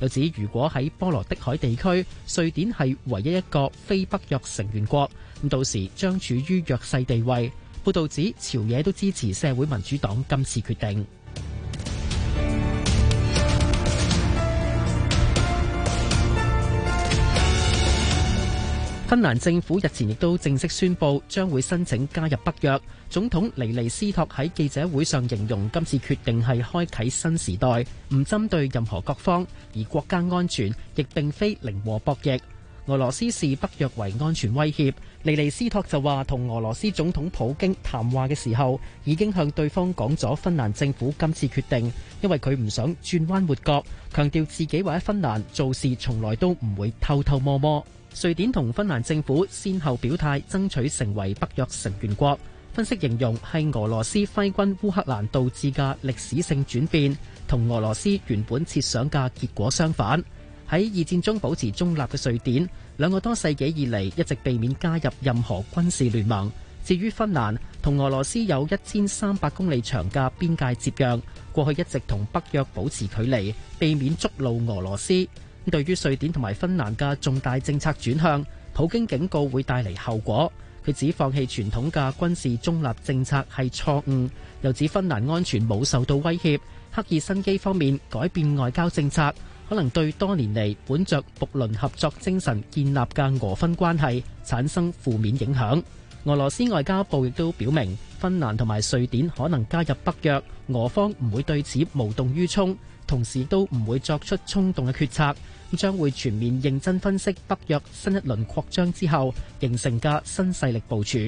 又指如果喺波羅的海地區，瑞典係唯一一個非北約成員國，咁到時將處於弱勢地位。報道指朝野都支持社會民主黨今次決定。芬蘭政府日前亦都正式宣布，將會申請加入北約。總統尼尼斯托喺記者會上形容今次決定係開啟新時代，唔針對任何各方，而國家安全亦並非零和博弈。俄羅斯視北約為安全威脅，尼尼斯托就話同俄羅斯總統普京談話嘅時候，已經向對方講咗芬蘭政府今次決定，因為佢唔想轉彎抹角，強調自己或者芬蘭做事從來都唔會偷偷摸摸。瑞典同芬蘭政府先後表態爭取成為北約成員國，分析形容係俄羅斯揮軍烏克蘭導致嘅歷史性轉變，同俄羅斯原本設想嘅結果相反。喺二戰中保持中立嘅瑞典，兩個多世紀以嚟一直避免加入任何軍事聯盟。至於芬蘭，同俄羅斯有一千三百公里長嘅邊界接壤，過去一直同北約保持距離，避免觸怒俄羅斯。對於瑞典同埋芬蘭嘅重大政策轉向，普京警告會帶嚟後果。佢指放棄傳統嘅軍事中立政策係錯誤，又指芬蘭安全冇受到威脅。赫爾辛基方面改變外交政策，可能對多年嚟本着睦鄰合作精神建立嘅俄芬關係產生負面影響。俄羅斯外交部亦都表明，芬蘭同埋瑞典可能加入北約，俄方唔會對此無動於衷，同時都唔會作出衝動嘅決策。將會全面認真分析北約新一輪擴張之後形成嘅新勢力部署。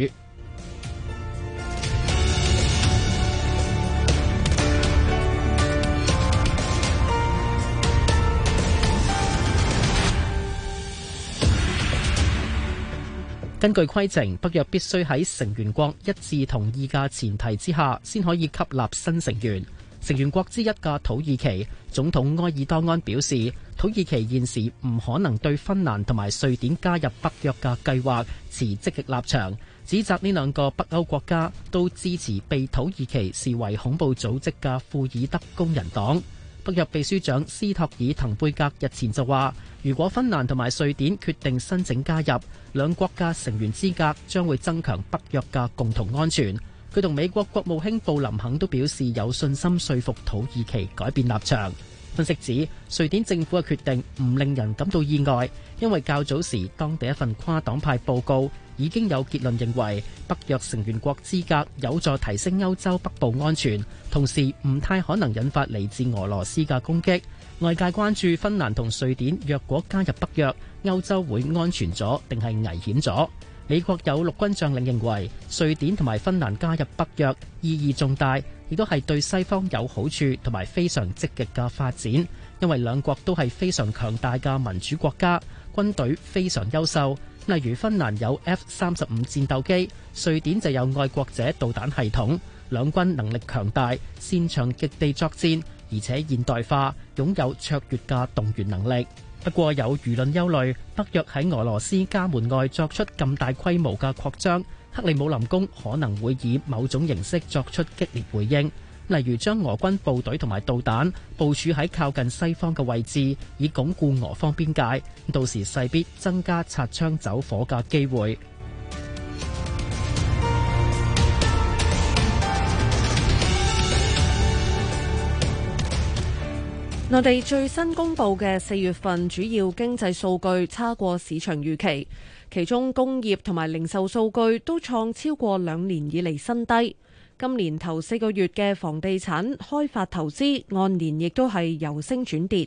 根據規程，北約必須喺成員國一致同意嘅前提之下，先可以吸納新成員。成員國之一嘅土耳其總統埃爾多安表示，土耳其現時唔可能對芬蘭同埋瑞典加入北約嘅計劃持積極立場，指責呢兩個北歐國家都支持被土耳其視為恐怖組織嘅庫爾德工人黨。北約秘書長斯托爾滕貝格日前就話，如果芬蘭同埋瑞典決定申請加入，兩國嘅成員資格將會增強北約嘅共同安全。佢同美國國務卿布林肯都表示有信心說服土耳其改變立場。分析指，瑞典政府嘅決定唔令人感到意外，因為較早時當地一份跨黨派報告已經有結論認為北約成員國資格有助提升歐洲北部安全，同時唔太可能引發嚟自俄羅斯嘅攻擊。外界關注芬蘭同瑞典若果加入北約，歐洲會安全咗定係危險咗？美國有陸軍將領認為，瑞典同埋芬蘭加入北約意義重大，亦都係對西方有好處同埋非常積極嘅發展，因為兩國都係非常強大嘅民主國家，軍隊非常優秀。例如芬蘭有 F 三十五戰鬥機，瑞典就有愛國者導彈系統，兩軍能力強大，擅長極地作戰。而且現代化，擁有卓越嘅動員能力。不過有輿論憂慮，北約喺俄羅斯家門外作出咁大規模嘅擴張，克里姆林宮可能會以某種形式作出激烈回應，例如將俄軍部隊同埋導彈部署喺靠近西方嘅位置，以鞏固俄方邊界，到時勢必增加擦槍走火嘅機會。內地最新公布嘅四月份主要經濟數據差過市場預期，其中工業同埋零售數據都創超過兩年以嚟新低。今年頭四個月嘅房地產開發投資按年亦都係由升轉跌。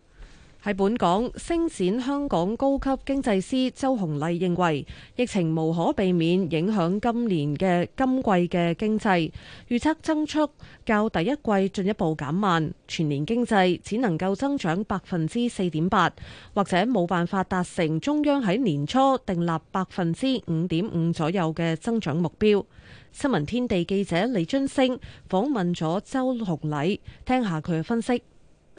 喺本港，星展香港高級經濟師周紅麗認為疫情無可避免影響今年嘅、今季嘅經濟預測增速較第一季進一步減慢，全年經濟只能夠增長百分之四點八，或者冇辦法達成中央喺年初訂立百分之五點五左右嘅增長目標。新聞天地記者李津升訪問咗周紅麗，聽下佢嘅分析。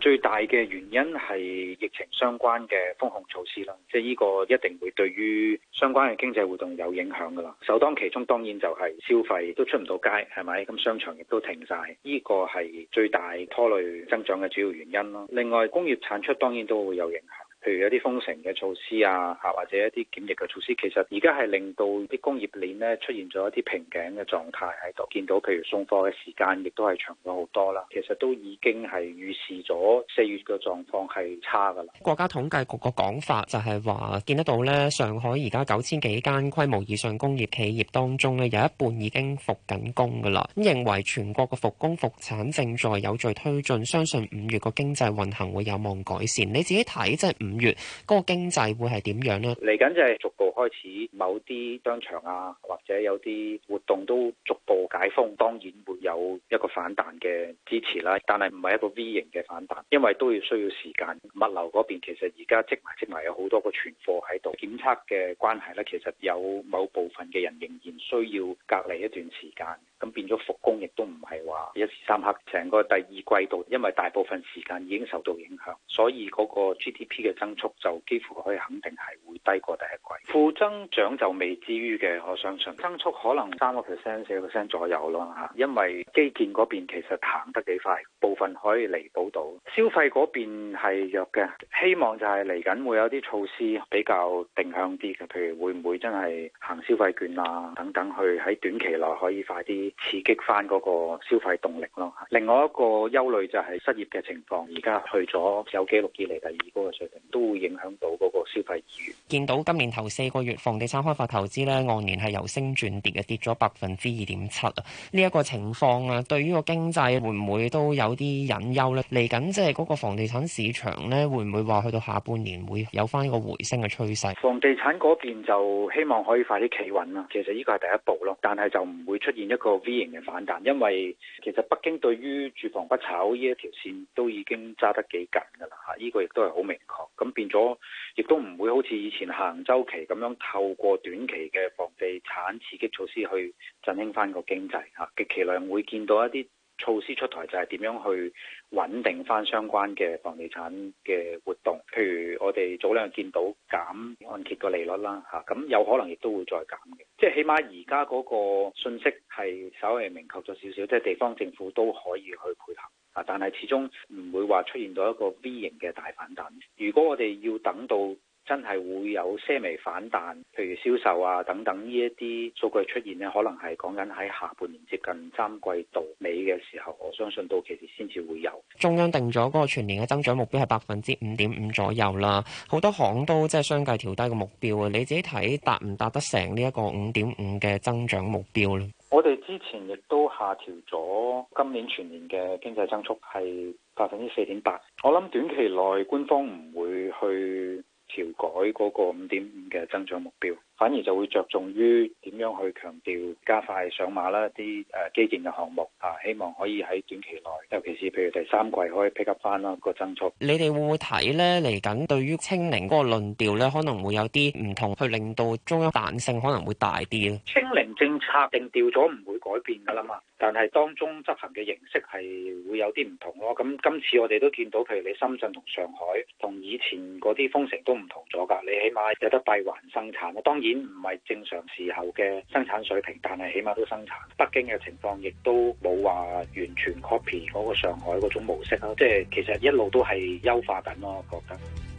最大嘅原因係疫情相關嘅封控措施啦，即係呢個一定會對於相關嘅經濟活動有影響㗎喇。首當其衝當然就係消費都出唔到街，係咪？咁商場亦都停晒，呢個係最大拖累增長嘅主要原因囉。另外，工業產出當然都會有影響。譬如有啲封城嘅措施啊，嚇或者一啲檢疫嘅措施，其實而家係令到啲工業鏈咧出現咗一啲瓶頸嘅狀態喺度，見到譬如送貨嘅時間亦都係長咗好多啦。其實都已經係預示咗四月嘅狀況係差噶啦。國家統計局個講法就係話見得到咧上海而家九千幾間規模以上工業企業當中咧有一半已經復緊工噶啦。咁認為全國嘅復工復產正在有序推進，相信五月個經濟運行會有望改善。你自己睇即係。唔、就是？五月個經濟會係點樣呢？嚟緊就係逐步開始某啲商場啊，或者有啲活動都逐步解封，當然會有一個反彈嘅支持啦。但係唔係一個 V 型嘅反彈，因為都要需要時間。物流嗰邊其實而家積埋積埋有好多個存貨喺度。檢測嘅關係咧，其實有某部分嘅人仍然需要隔離一段時間。咁變咗復工亦都唔係話一時三刻，成個第二季度，因為大部分時間已經受到影響，所以嗰個 GDP 嘅增速就幾乎可以肯定係會低過第一季，負增長就未至於嘅。我相信增速可能三個 percent 四個 percent 左右咯嚇，因為基建嗰邊其實行得幾快，部分可以彌補到。消費嗰邊係弱嘅，希望就係嚟緊會有啲措施比較定向啲嘅，譬如會唔會真係行消費券啊等等去，去喺短期內可以快啲。刺激翻嗰個消費動力咯。另外一個憂慮就係失業嘅情況，而家去咗有記錄以嚟第二高嘅水平，都會影響到嗰個消費意願。見到今年頭四個月房地產開發投資咧，按年係由升轉跌嘅，跌咗百分之二點七啊。呢一個情況啊，對於個經濟會唔會都有啲隱憂呢？嚟緊即係嗰個房地產市場咧，會唔會話去到下半年會有翻一個回升嘅趨勢？房地產嗰邊就希望可以快啲企穩啦。其實呢個係第一步咯，但係就唔會出現一個。V 型嘅反彈，因為其實北京對於住房不炒呢一條線都已經揸得幾緊㗎啦嚇，呢個亦都係好明確。咁變咗，亦都唔會好似以前行週期咁樣透過短期嘅房地產刺激措施去振興翻個經濟嚇，極其量會見到一啲措施出台就係點樣去穩定翻相關嘅房地產嘅活動，譬如我哋早兩日見到減按揭個利率啦，吓，咁有可能亦都會再減嘅，即係起碼而家嗰個信息係稍微明確咗少少，即係地方政府都可以去配合，啊，但係始終唔會話出現到一個 V 型嘅大反彈，如果我哋要等到真係會有些微反彈，譬如銷售啊等等呢一啲數據出現呢，可能係講緊喺下半年接近三季度尾嘅時候，我相信到時先至會有。中央定咗嗰個全年嘅增長目標係百分之五點五左右啦，好多行都即係相繼調低個目標啊！你自己睇達唔達得成呢一個五點五嘅增長目標咧？我哋之前亦都下調咗今年全年嘅經濟增速係百分之四點八，我諗短期內官方唔會去。調改嗰個五點五嘅增長目標。反而就會着重於點樣去強調加快上馬啦啲誒基建嘅項目啊，希望可以喺短期內，尤其是譬如第三季可以 pick up 翻啦個增速。你哋會唔會睇咧嚟緊對於清零嗰個論調咧，可能會有啲唔同，去令到中央彈性可能會大啲咧？清零政策定調咗唔會改變㗎啦嘛，但係當中執行嘅形式係會有啲唔同咯。咁今次我哋都見到，譬如你深圳同上海同以前嗰啲封城都唔同咗㗎，你起碼有得閉環生產啦。當然。唔係正常時候嘅生產水平，但係起碼都生產。北京嘅情況亦都冇話完全 copy 嗰個上海嗰種模式咯，即係其實一路都係優化緊咯，我覺得。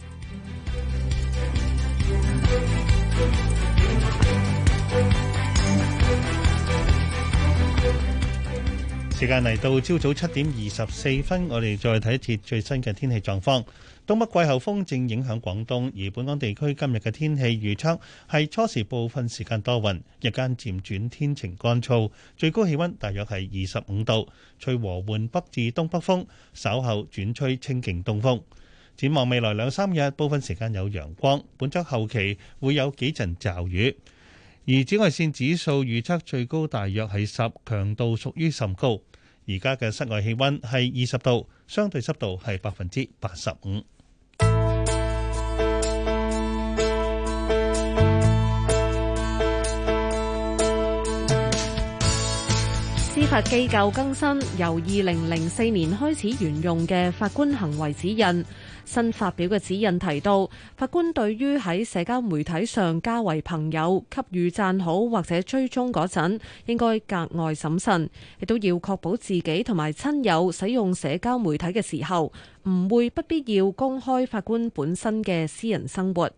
時間嚟到朝早七點二十四分，我哋再睇一次最新嘅天氣狀況。東北季候風正影響廣東，而本港地區今日嘅天氣預測係初時部分時間多雲，日間漸轉天晴乾燥，最高氣溫大約係二十五度，吹和緩北至東北風，稍後轉吹清勁東風。展望未來兩三日，部分時間有陽光，本周後期會有幾陣驟雨，而紫外線指數預測最高大約係十，強度屬於甚高。而家嘅室外氣溫係二十度，相對濕度係百分之八十五。司法機構更新由二零零四年開始沿用嘅法官行為指引。新發表嘅指引提到，法官對於喺社交媒體上加為朋友、給予讚好或者追蹤嗰陣，應該格外審慎，亦都要確保自己同埋親友使用社交媒體嘅時候，唔會不必要公開法官本身嘅私人生活。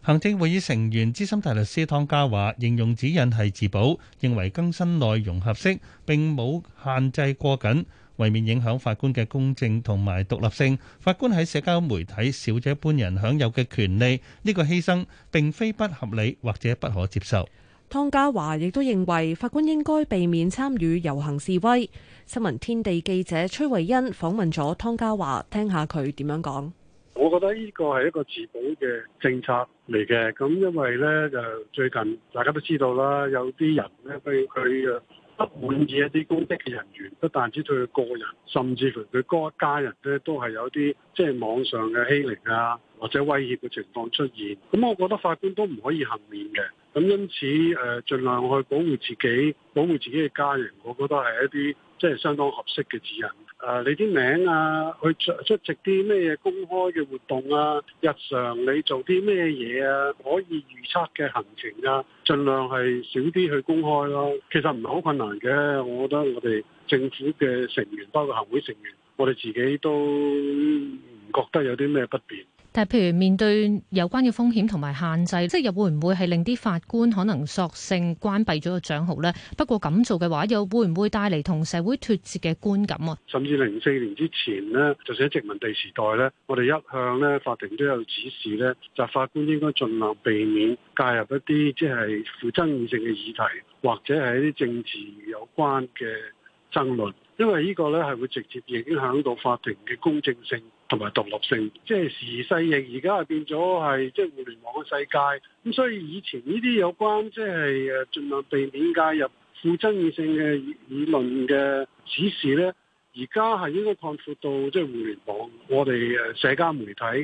行政會議成員資深大律師湯家驊形容指引係自保，認為更新內容合適，並冇限制過緊。為免影響法官嘅公正同埋獨立性，法官喺社交媒體少咗一般人享有嘅權利，呢個犧牲並非不合理或者不可接受。湯家驊亦都認為法官應該避免參與遊行示威。新聞天地記者崔慧欣訪問咗湯家驊，聽下佢點樣講。我覺得呢個係一個自保嘅政策嚟嘅，咁因為呢，就最近大家都知道啦，有啲人呢譬如佢啊。不滿意一啲公職嘅人員，不但止對佢個人，甚至乎佢一家人咧，都係有啲即係網上嘅欺凌啊，或者威脅嘅情況出現。咁我覺得法官都唔可以幸免嘅。咁因此誒，儘量去保護自己，保護自己嘅家人，我覺得係一啲即係相當合適嘅指引。誒，你啲名啊，去出出席啲咩公開嘅活動啊，日常你做啲咩嘢啊，可以預測嘅行程啊，盡量係少啲去公開咯。其實唔係好困難嘅，我覺得我哋政府嘅成員，包括行會成員，我哋自己都唔覺得有啲咩不便。但係譬如面對有關嘅風險同埋限制，即係又會唔會係令啲法官可能索性關閉咗個賬號咧？不過咁做嘅話，又會唔會帶嚟同社會脫節嘅觀感啊？甚至零四年之前咧，就喺、係、殖民地時代咧，我哋一向咧法庭都有指示咧，就係、法官應該盡量避免介入一啲即係負爭議性嘅議題，或者係一啲政治有關嘅爭論，因為呢個咧係會直接影響到法庭嘅公正性。同埋獨立性，即係時勢亦而家係變咗係即係互聯網嘅世界，咁所以以前呢啲有關即係誒盡量避免介入負爭議性嘅議論嘅指示，咧，而家係應該擴闊到即係、就是、互聯網，我哋誒社交媒體嘅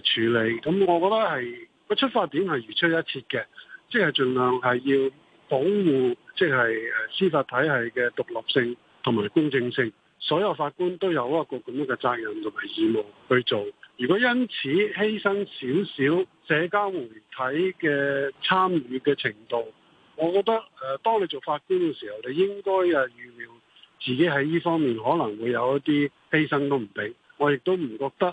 處理，咁我覺得係個出發點係如出一轍嘅，即係儘量係要保護即係誒司法體系嘅獨立性同埋公正性。所有法官都有一個咁樣嘅責任同埋義務去做。如果因此犧牲少少社交媒體嘅參與嘅程度，我覺得誒，當你做法官嘅時候，你應該啊預料自己喺呢方面可能會有一啲犧牲都唔俾。我亦都唔覺得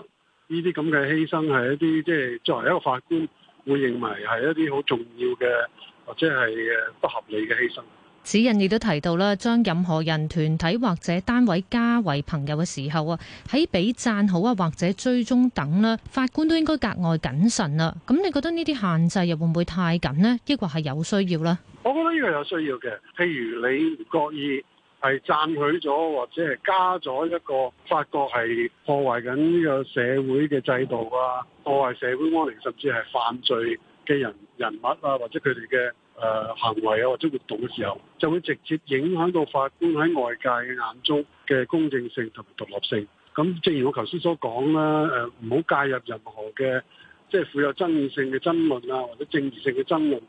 呢啲咁嘅犧牲係一啲即係作為一個法官會認為係一啲好重要嘅或者係誒不合理嘅犧牲。指引亦都提到啦，將任何人、團體或者單位加為朋友嘅時候啊，喺俾讚好啊或者追蹤等啦，法官都應該格外謹慎啦。咁你覺得呢啲限制又會唔會太緊咧？抑或係有需要咧？我覺得呢個有需要嘅。譬如你唔覺意係讚許咗或者係加咗一個發覺係破壞緊呢個社會嘅制度啊，破壞社會安寧甚至係犯罪嘅人人物啊，或者佢哋嘅。誒、呃、行為啊，或者活動嘅時候，就會直接影響到法官喺外界嘅眼中嘅公正性同獨立性。咁正如我頭先所講啦，誒，唔好介入任何嘅即係富有爭議性嘅爭論啊，或者政治性嘅爭論。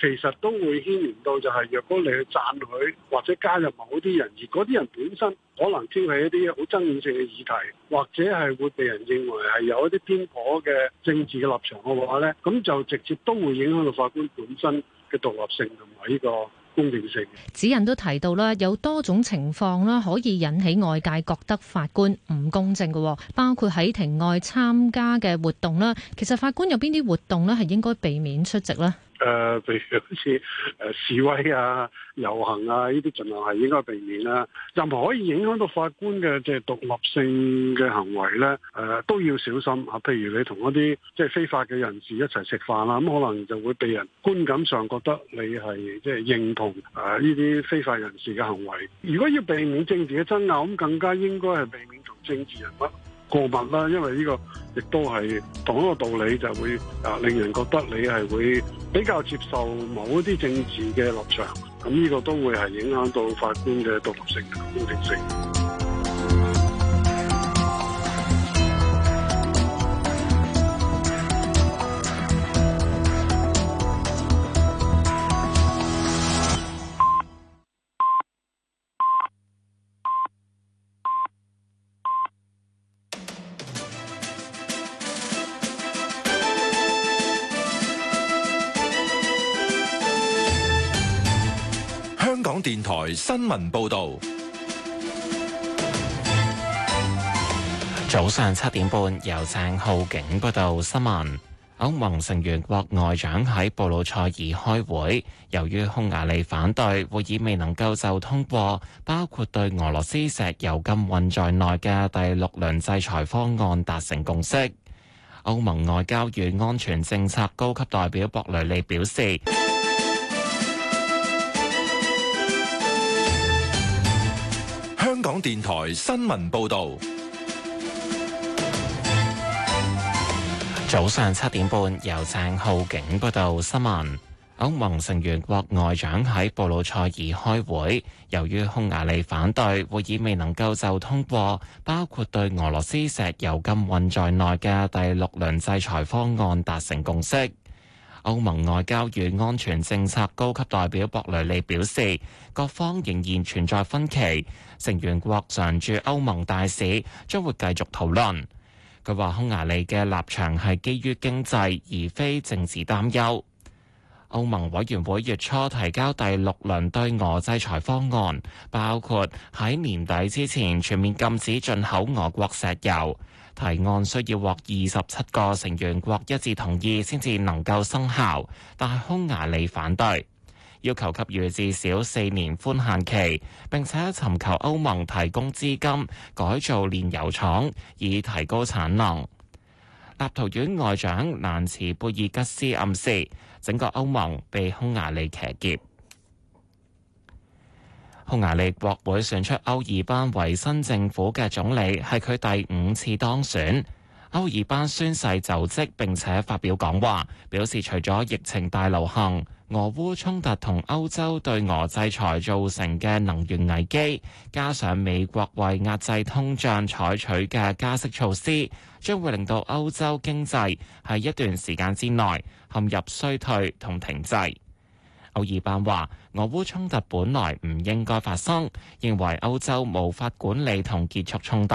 其實都會牽連到，就係若果你去贊佢或者加入某啲人，而嗰啲人本身可能挑起一啲好爭議性嘅議題，或者係會被人認為係有一啲偏頗嘅政治嘅立場嘅話呢，咁就直接都會影響到法官本身嘅獨立性同埋呢個公平性。指引都提到啦，有多種情況啦，可以引起外界覺得法官唔公正嘅，包括喺庭外參加嘅活動啦。其實法官有邊啲活動呢？係應該避免出席咧？誒，譬、呃、如好似、呃、示威啊、遊行啊，呢啲盡量係應該避免啦、啊。任何可以影響到法官嘅即係獨立性嘅行為呢，誒、呃、都要小心嚇、啊。譬如你同一啲即係非法嘅人士一齊食飯啦、啊，咁、嗯、可能就會被人觀感上覺得你係即係認同誒呢啲非法人士嘅行為。如果要避免政治嘅爭拗，咁更加應該係避免同政治人物過密啦，因為呢個亦都係同一個道理，就會啊令人覺得你係會比較接受某一啲政治嘅立場。咁呢個都會係影響到法官嘅獨立性同公正性。台新聞報道，早上七點半由鄭浩景報道新聞。歐盟成員國外長喺布魯塞爾開會，由於匈牙利反對，會議未能夠就通過包括對俄羅斯石油禁運在內嘅第六輪制裁方案達成共識。歐盟外交與安全政策高級代表博雷利表示，香港電台新聞報道，早上七點半由鄭浩景報道新聞。歐盟成員國外長喺布魯塞爾開會，由於匈牙利反對，會議未能夠就通過包括對俄羅斯石油禁運在內嘅第六輪制裁方案達成共識。歐盟外交與安全政策高級代表博雷利表示，各方仍然存在分歧，成員國常駐歐盟大使將會繼續討論。佢話匈牙利嘅立場係基於經濟，而非政治擔憂。歐盟委員會月初提交第六輪對俄制裁方案，包括喺年底之前全面禁止進口俄國石油。提案需要獲二十七個成員國一致同意先至能夠生效，但係匈牙利反對，要求給予至少四年寬限期，並且尋求歐盟提供資金改造煉油廠，以提高產能。立陶宛外長蘭茨貝爾吉斯暗示，整個歐盟被匈牙利騎劫。匈牙利國會選出歐爾班為新政府嘅總理，係佢第五次當選。歐爾班宣誓就職，並且發表講話，表示除咗疫情大流行、俄烏衝突同歐洲對俄制裁造成嘅能源危機，加上美國為壓制通脹採取嘅加息措施，將會令到歐洲經濟喺一段時間之內陷入衰退同停滯。奧爾班話：俄烏衝突本來唔應該發生，認為歐洲無法管理同結束衝突，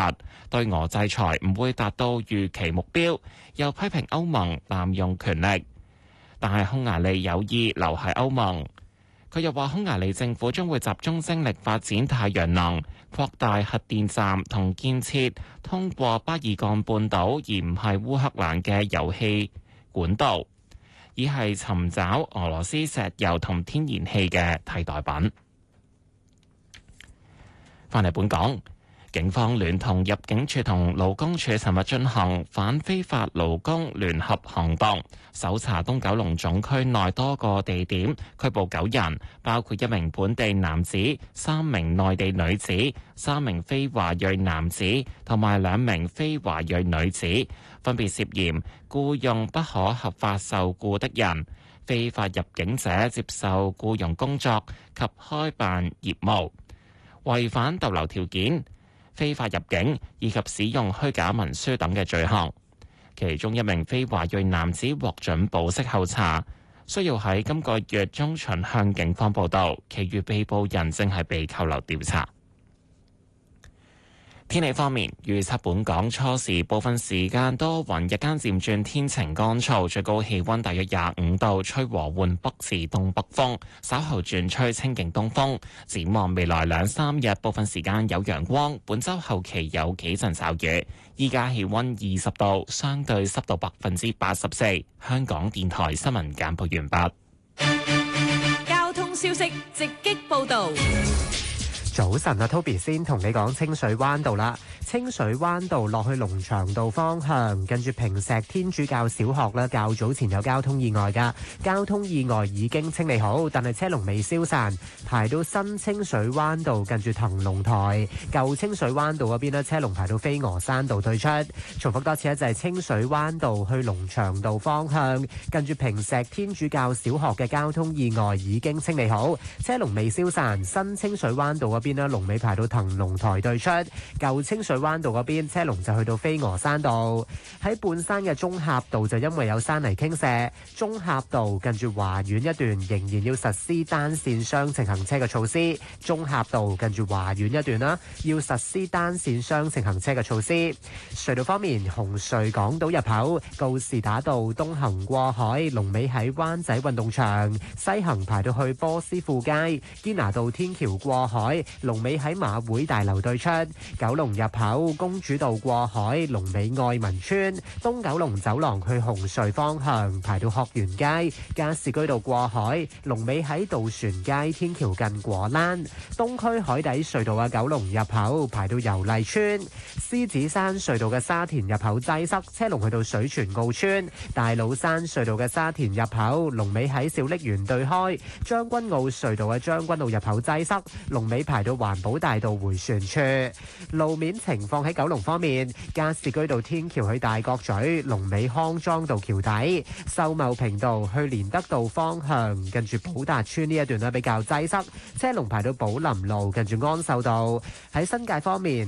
對俄制裁唔會達到預期目標，又批評歐盟濫用權力。但係匈牙利有意留喺歐盟，佢又話匈牙利政府將會集中精力發展太陽能、擴大核電站同建設通過巴爾幹半島而唔係烏克蘭嘅油氣管道。而係尋找俄羅斯石油同天然氣嘅替代品。翻嚟本港。警方聯同入境處同勞工處，尋日進行反非法勞工聯合行動，搜查東九龍總區內多個地點，拘捕九人，包括一名本地男子、三名內地女子、三名非華裔男子同埋兩名非華裔女子，分別涉嫌僱用不可合法受僱的人、非法入境者接受僱用工作及開辦業務、違反逗留條件、非法入境以及使用虛假文書等嘅罪行，其中一名非華裔男子獲准保釋候查，需要喺今個月中旬向警方報到，其餘被捕人正係被扣留調查。天氣方面，預測本港初時部分時間多雲，日間漸轉天晴乾燥，最高氣溫大約廿五度，吹和緩北至東北風，稍後轉吹清勁東風。展望未來兩三日，部分時間有陽光，本周後期有幾陣驟雨。依家氣溫二十度，相對濕度百分之八十四。香港電台新聞簡報完畢。交通消息直擊報道。早晨啊，Toby 先同你講清水灣道啦。清水灣道落去龍翔道方向，近住坪石天主教小學咧，較早前有交通意外噶，交通意外已經清理好，但係車龍未消散，排到新清水灣道近住騰龍台、舊清水灣道嗰邊咧，車龍排到飛鵝山道退出。重複多次咧，就係清水灣道去龍翔道方向，近住坪石天主教小學嘅交通意外已經清理好，車龍未消散，新清水灣道啊，邊啦，龍尾排到騰龍台對出，舊清水灣道嗰邊車龍就去到飛鵝山道。喺半山嘅中峽道就因為有山泥傾瀉，中峽道近住華苑一段仍然要實施單綫雙程行車嘅措施。中峽道近住華苑一段啦，要實施單綫雙程行車嘅措施。隧道方面，紅隧港島入口告士打道東行過海，龍尾喺灣仔運動場；西行排到去波斯富街，堅拿道天橋過海。龍尾喺馬會大樓對出，九龍入口公主道過海，龍尾愛民村，東九龍走廊去紅隧方向排到鶴園街，加士居道過海，龍尾喺渡船街天橋近果欄，東區海底隧道嘅九龍入口排到油麗村，獅子山隧道嘅沙田入口擠塞，車龍去到水泉澳村，大老山隧道嘅沙田入口龍尾喺小瀝源對開，將軍澳隧道嘅將軍澳入口擠塞，龍尾排到環保大道回旋處路面情況喺九龍方面，加士居道天橋去大角咀，龍尾康莊道橋底，秀茂坪道去連德道方向，近住寶達邨呢一段咧比較擠塞，車龍排到寶林路，近住安秀道。喺新界方面。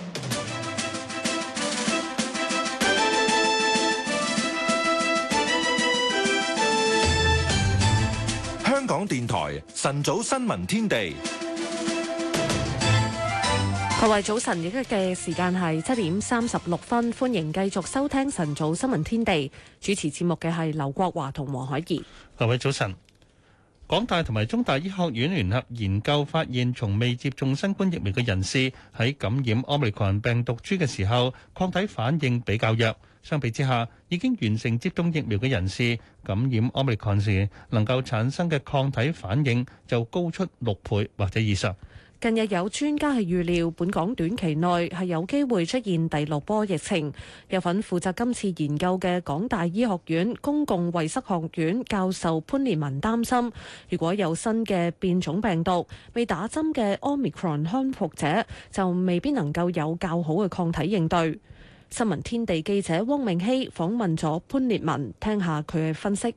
港電台晨早新聞天地，各位早晨，而家嘅時間係七點三十六分，歡迎繼續收聽晨早新聞天地。主持節目嘅係劉國華同黃海怡。各位早晨，港大同埋中大醫學院聯合研究發現，從未接種新冠疫苗嘅人士喺感染 Omicron 病毒株嘅時候，抗體反應比較弱。相比之下，已經完成接種疫苗嘅人士感染 Omicron 時，能夠產生嘅抗體反應就高出六倍或者以上。近日有專家係預料，本港短期內係有機會出現第六波疫情。有份負責今次研究嘅港大醫學院公共衛生學院教授潘連文擔心，如果有新嘅變種病毒，未打針嘅 Omicron 康復者就未必能夠有較好嘅抗體應對。新聞天地記者汪明熙訪問咗潘烈文，聽下佢嘅分析。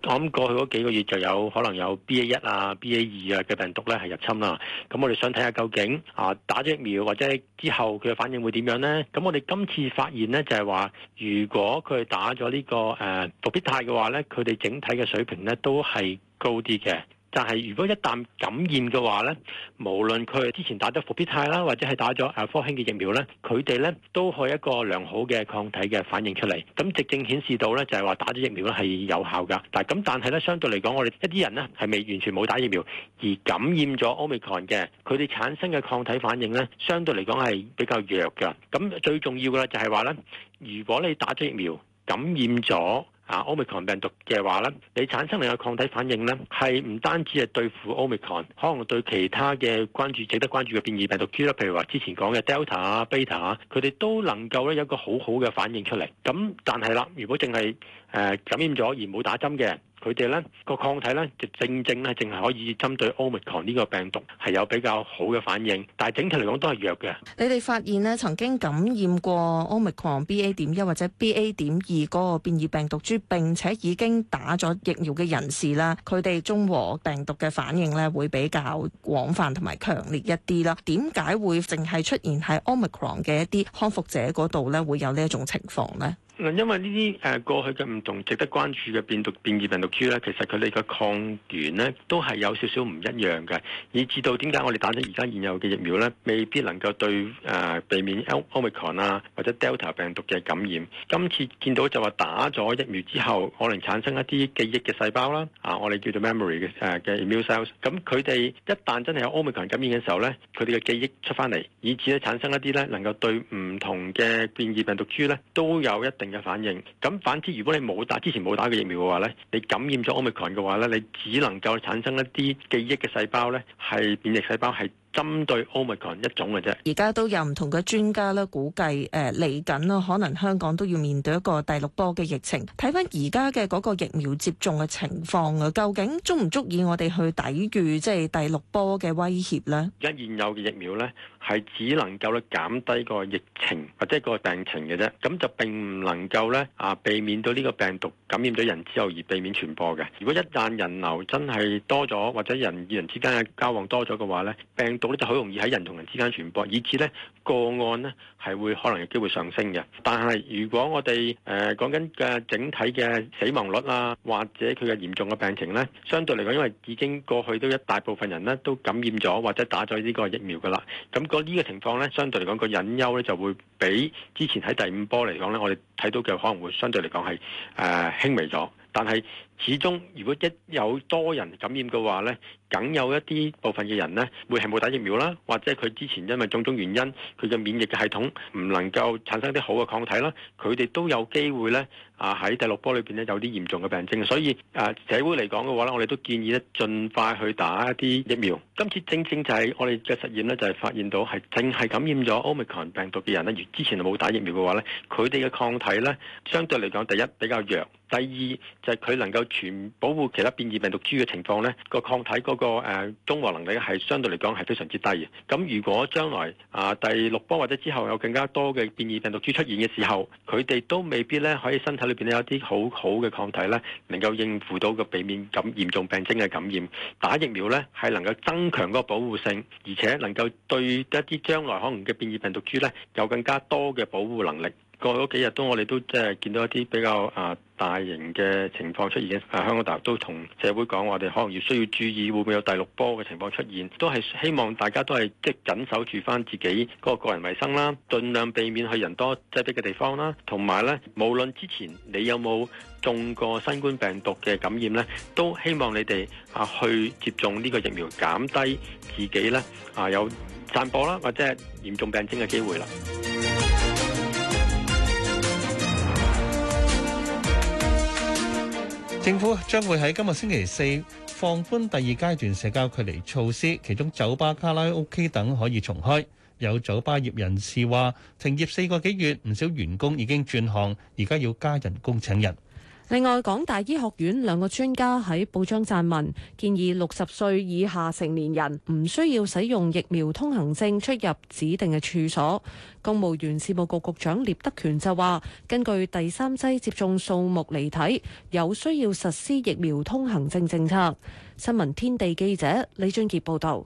咁過去嗰幾個月就有可能有 B A 一啊、B A 二啊嘅病毒咧係入侵啦。咁我哋想睇下究竟啊打咗疫苗或者之後佢嘅反應會點樣呢？咁我哋今次發現呢，就係話，如果佢打咗呢個誒、啊、伏必泰嘅話咧，佢哋整體嘅水平咧都係高啲嘅。但係如果一旦感染嘅話咧，無論佢之前打咗復必泰啦，或者係打咗阿科興嘅疫苗咧，佢哋咧都係一個良好嘅抗體嘅反應出嚟。咁直正顯示到咧，就係話打咗疫苗咧係有效噶。但係咁，但係咧相對嚟講，我哋一啲人咧係未完全冇打疫苗而感染咗 Omicron 嘅，佢哋產生嘅抗體反應咧，相對嚟講係比較弱嘅。咁最重要嘅咧就係話咧，如果你打咗疫苗感染咗，啊，奧密克戎病毒嘅話咧，你產生嚟嘅抗體反應咧，係唔單止係對付奧密克戎，可能對其他嘅關注、值得關注嘅變異病毒株啦，譬如話之前講嘅 Delta 啊、Beta 啊，佢哋都能夠咧有一個好好嘅反應出嚟。咁但係啦，如果淨係誒感染咗而冇打針嘅人，佢哋咧個抗體咧就正正咧，淨係可以針對奧密克戎呢個病毒係有比較好嘅反應，但係整體嚟講都係弱嘅。你哋發現咧，曾經感染過奧密克戎 BA 點一或者 BA 點二嗰個變異病毒並且已經打咗疫苗嘅人士啦，佢哋中和病毒嘅反應咧會比較廣泛同埋強烈一啲啦。點解會淨係出現喺 Omicron 嘅一啲康復者嗰度咧，會有呢一種情況咧？嗱，因為呢啲誒過去嘅唔同，值得關注嘅變毒變異病毒株咧，其實佢哋嘅抗原咧都係有少少唔一樣嘅，以致到點解我哋打咗而家現有嘅疫苗咧，未必能夠對誒避免 O-Omicron 啊或者 Delta 病毒嘅感染。今次見到就話打咗疫苗之後，可能產生一啲記憶嘅細胞啦，啊，我哋叫做 memory 嘅誒嘅 immune cells。咁佢哋一旦真係有 Omicron 感染嘅時候咧，佢哋嘅記憶出翻嚟，以致咧產生一啲咧能夠對唔同嘅變異病毒株咧都有一定。嘅反應。咁反之，如果你冇打之前冇打過疫苗嘅話咧，你感染咗 Omicron 嘅話咧，你只能夠產生一啲記憶嘅細胞咧，係免疫細胞係。針對 Omicron、oh、一種嘅啫，而家都有唔同嘅專家咧估計誒嚟緊啦，呃、可能香港都要面對一個第六波嘅疫情。睇翻而家嘅嗰個疫苗接種嘅情況啊，究竟足唔足以我哋去抵禦即係第六波嘅威脅咧？而家現有嘅疫苗咧，係只能夠咧減低個疫情或者個病情嘅啫，咁就並唔能夠咧啊避免到呢個病毒感染咗人之後而避免傳播嘅。如果一旦人流真係多咗，或者人與人之間嘅交往多咗嘅話咧，病就好容易喺人同人之間傳播，以致呢個案呢係會可能有機會上升嘅。但係如果我哋誒講緊嘅整體嘅死亡率啊，或者佢嘅嚴重嘅病情呢，相對嚟講，因為已經過去都一大部分人呢都感染咗或者打咗呢個疫苗噶啦，咁個呢個情況呢，相對嚟講個隱憂呢就會比之前喺第五波嚟講呢，我哋睇到嘅可能會相對嚟講係誒輕微咗，但係。始終，如果一有多人感染嘅話呢，梗有一啲部分嘅人呢會係冇打疫苗啦，或者佢之前因為種種原因，佢嘅免疫嘅系統唔能夠產生啲好嘅抗體啦，佢哋都有機會呢啊喺第六波裏邊呢有啲嚴重嘅病徵。所以啊，社會嚟講嘅話呢我哋都建議呢儘快去打一啲疫苗。今次正正就係我哋嘅實驗呢，就係發現到係淨係感染咗 Omicron 病毒嘅人呢，如之前冇打疫苗嘅話呢，佢哋嘅抗體呢相對嚟講第一比較弱，第二就係、是、佢能夠。全保護其他變異病毒株嘅情況呢，個抗體嗰個誒中和能力係相對嚟講係非常之低嘅。咁如果將來啊第六波或者之後有更加多嘅變異病毒株出現嘅時候，佢哋都未必呢可以身體裏邊有一啲好好嘅抗體呢，能夠應付到個避免感嚴重病徵嘅感染。打疫苗呢係能夠增強嗰個保護性，而且能夠對一啲將來可能嘅變異病毒株呢有更加多嘅保護能力。過咗幾日都，我哋都即係見到一啲比較啊大型嘅情況出現。啊，香港大學都同社會講話，我哋可能要需要注意，會唔會有第六波嘅情況出現？都係希望大家都係即係緊守住翻自己個個人衞生啦，盡量避免去人多擠逼嘅地方啦。同埋咧，無論之前你有冇中過新冠病毒嘅感染咧，都希望你哋啊去接種呢個疫苗，減低自己咧啊有散播啦或者係嚴重病徵嘅機會啦。政府將會喺今日星期四放寬第二階段社交距離措施，其中酒吧、卡拉 OK 等可以重開。有酒吧業人士話，停業四個幾月，唔少員工已經轉行，而家要加人工請人。另外，港大醫學院兩個專家喺報章撰文，建議六十歲以下成年人唔需要使用疫苗通行證出入指定嘅處所。公務員事務局局長聶德權就話，根據第三劑接種數目嚟睇，有需要實施疫苗通行證政策。新聞天地記者李俊杰報道。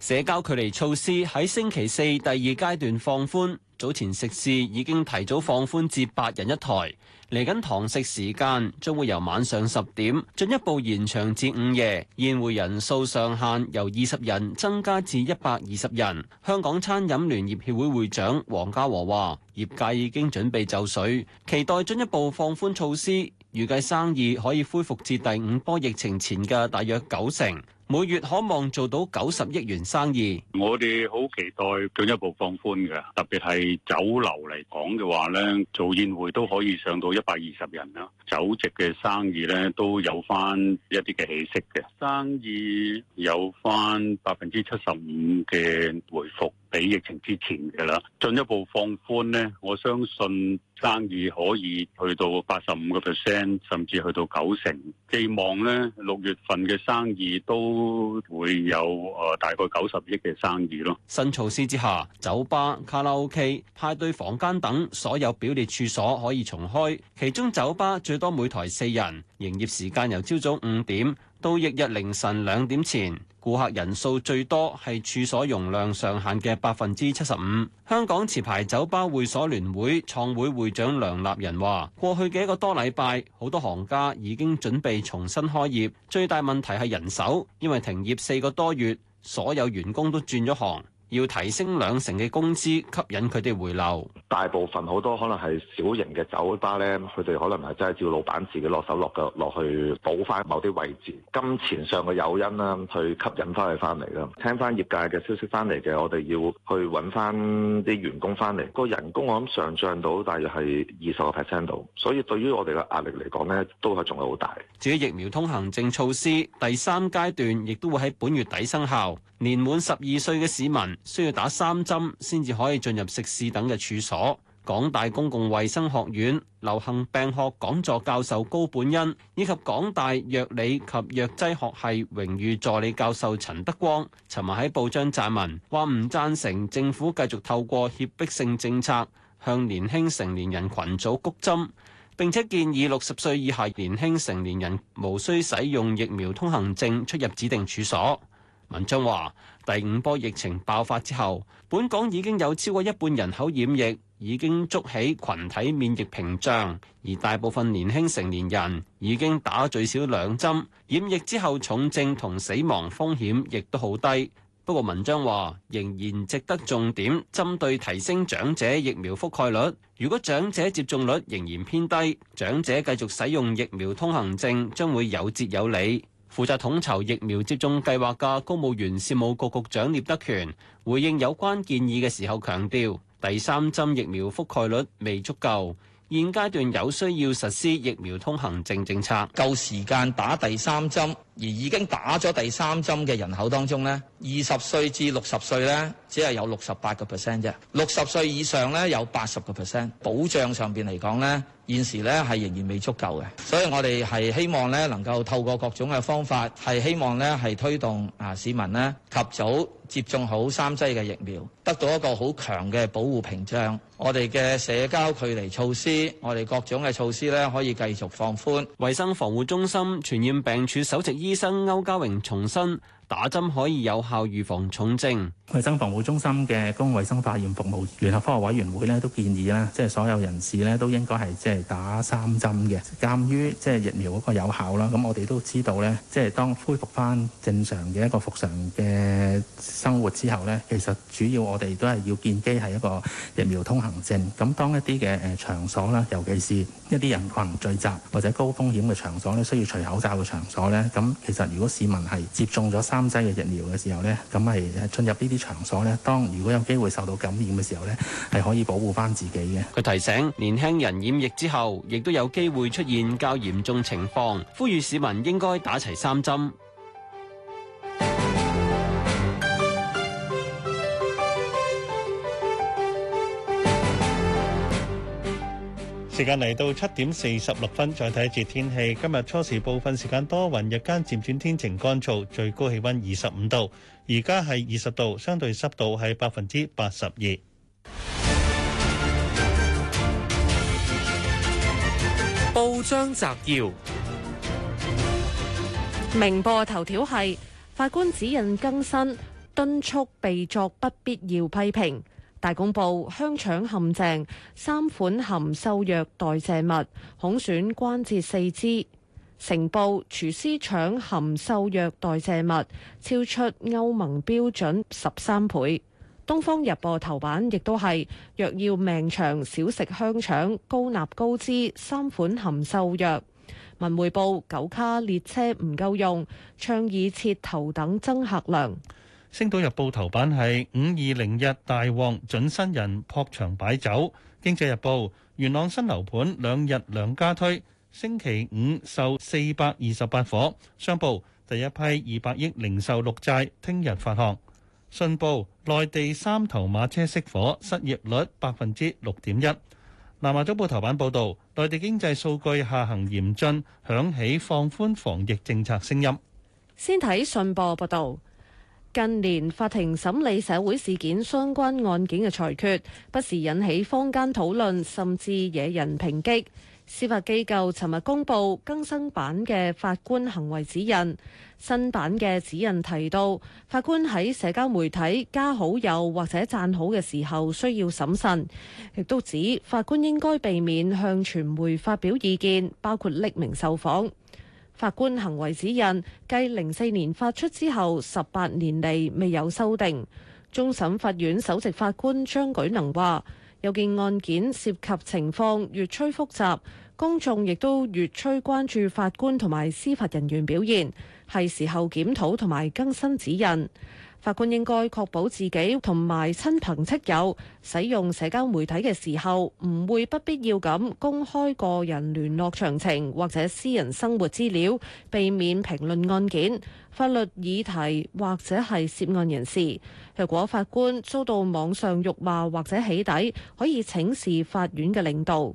社交距離措施喺星期四第二階段放寬，早前食肆已經提早放寬至八人一台。嚟緊堂食時間將會由晚上十點進一步延長至午夜，宴會人數上限由二十人增加至一百二十人。香港餐飲聯業協會會長黃家和話：業界已經準備就緒，期待進一步放寬措施，預計生意可以恢復至第五波疫情前嘅大約九成。每月可望做到九十億元生意。我哋好期待進一步放寬嘅，特別係酒樓嚟講嘅話咧，做宴會都可以上到一百二十人啦。酒席嘅生意咧都有返一啲嘅起色嘅，生意有返百分之七十五嘅回復。喺疫情之前嘅啦，進一步放寬呢。我相信生意可以去到八十五個 percent，甚至去到九成。寄望呢六月份嘅生意都會有誒大概九十億嘅生意咯。新措施之下，酒吧、卡拉 OK、派對房間等所有表列處所可以重開，其中酒吧最多每台四人，營業時間由朝早五點到翌日凌晨兩點前，顧客人數最多係處所容量上限嘅百分之七十五。香港持牌酒吧會所聯會創會會長梁立仁話，過去嘅一個多禮拜，好多行家已經準備重新開業。最大問題係人手，因為停業四個多月，所有員工都轉咗行。要提升兩成嘅工資，吸引佢哋回流。大部分好多可能係小型嘅酒吧咧，佢哋可能係真係照老闆自己落手落腳落去補翻某啲位置，金錢上嘅誘因啦，去吸引翻佢翻嚟啦。聽翻業界嘅消息翻嚟嘅，我哋要去揾翻啲員工翻嚟。個人工我諗上漲到大約係二十個 percent 度，所以對於我哋嘅壓力嚟講咧，都係仲係好大。至於疫苗通行證措施第三階段，亦都會喺本月底生效。年滿十二歲嘅市民，需要打三針先至可以進入食肆等嘅處所。港大公共衛生學院流行病學講座教授高本恩以及港大藥理及藥劑學系榮譽助理教授陳德光，尋日喺報章撰文，話唔贊成政府繼續透過脅迫性政策向年輕成年人群組谷針，並且建議六十歲以下年輕成年人無需使用疫苗通行證出入指定處所。文章話，第五波疫情爆發之後，本港已經有超過一半人口染疫，已經築起群體免疫屏障，而大部分年輕成年人已經打最少兩針，染疫之後，重症同死亡風險亦都好低。不過文章話，仍然值得重點針對提升長者疫苗覆蓋率。如果長者接種率仍然偏低，長者繼續使用疫苗通行證將會有節有理。負責統籌疫苗接種計劃嘅公務員事務局局長聶德權回應有關建議嘅時候強調，第三針疫苗覆蓋率未足夠，現階段有需要實施疫苗通行證政，政策，夠時間打第三針。而已經打咗第三針嘅人口當中呢，二十歲至六十歲呢，只係有六十八個 percent 啫；六十歲以上呢，有八十個 percent。保障上面嚟講呢，現時呢係仍然未足夠嘅，所以我哋係希望呢能夠透過各種嘅方法，係希望呢係推動啊市民呢及早接種好三劑嘅疫苗，得到一個好強嘅保護屏障。我哋嘅社交距離措施，我哋各種嘅措施呢，可以繼續放寬。衞生防護中心傳染病處首席醫醫生歐家榮重申。打針可以有效預防重症。衞生防護中心嘅公衞生化驗服務聯合科學委員會咧，都建議咧，即係所有人士咧都應該係即係打三針嘅。鑑於即係疫苗嗰個有效啦，咁我哋都知道咧，即係當恢復翻正常嘅一個復常嘅生活之後咧，其實主要我哋都係要建基係一個疫苗通行證。咁當一啲嘅場所啦，尤其是一啲人群聚集或者高風險嘅場所咧，需要除口罩嘅場所咧，咁其實如果市民係接種咗三三劑嘅疫苗嘅時候咧，咁係進入呢啲場所咧。當如果有機會受到感染嘅時候咧，係可以保護翻自己嘅。佢提醒年輕人染疫之後，亦都有機會出現較嚴重情況，呼籲市民應該打齊三針。時間嚟到七點四十六分，再睇一節天氣。今日初時部分時間多雲，日間漸轉天晴乾燥，最高氣溫二十五度。而家係二十度，相對濕度係百分之八十二。報章摘要：明報頭條係法官指引更新，敦促避作不必要批評。大公報，香腸陷阱，三款含瘦藥代謝物，恐損關節四肢。成報，廚師腸含瘦藥代謝物，超出歐盟標準十三倍。東方日報頭版亦都係，若要命長，少食香腸，高鈉高脂三款含瘦藥。文匯報，九卡列車唔夠用，倡議撤頭等增客量。星島日報頭版係五二零日大旺，準新人撲場擺酒。經濟日報元朗新樓盤兩日兩家推，星期五售四百二十八伙。商報第一批二百億零售六債聽日發行。信報內地三頭馬車熄火，失業率百分之六點一。南華早報頭版報道內地經濟數據下行嚴峻，響起放寬防疫政策聲音。先睇信報報道。近年法庭審理社會事件相關案件嘅裁決，不時引起坊間討論，甚至惹人抨擊。司法機構尋日公布更新版嘅法官行為指引，新版嘅指引提到，法官喺社交媒體加好友或者讚好嘅時候需要審慎，亦都指法官應該避免向傳媒發表意見，包括匿名受訪。法官行為指引，繼零四年發出之後，十八年嚟未有修訂。終審法院首席法官張舉能話，有見案件涉及情況越趨複雜，公眾亦都越趨關注法官同埋司法人員表現，係時候檢討同埋更新指引。法官應該確保自己同埋親朋戚友使用社交媒體嘅時候，唔會不必要咁公開個人聯絡詳情或者私人生活資料，避免評論案件、法律議題或者係涉案人士。如果法官遭到網上辱罵或者起底，可以請示法院嘅領導。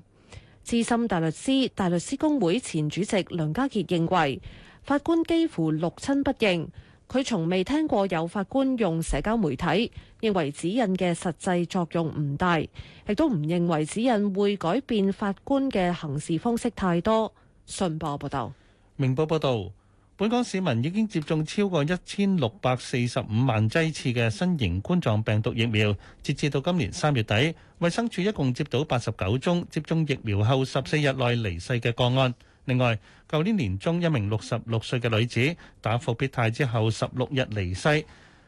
資深大律師、大律師公會前主席梁家傑認為，法官幾乎六親不認。佢從未聽過有法官用社交媒體，認為指引嘅實際作用唔大，亦都唔認為指引會改變法官嘅行事方式太多。信報報道，明報報道，本港市民已經接種超過一千六百四十五萬劑次嘅新型冠狀病毒疫苗，截至到今年三月底，衛生署一共接到八十九宗接種疫苗後十四日內離世嘅個案。另外，舊年年中一名六十六歲嘅女子打復必泰之後十六日離世，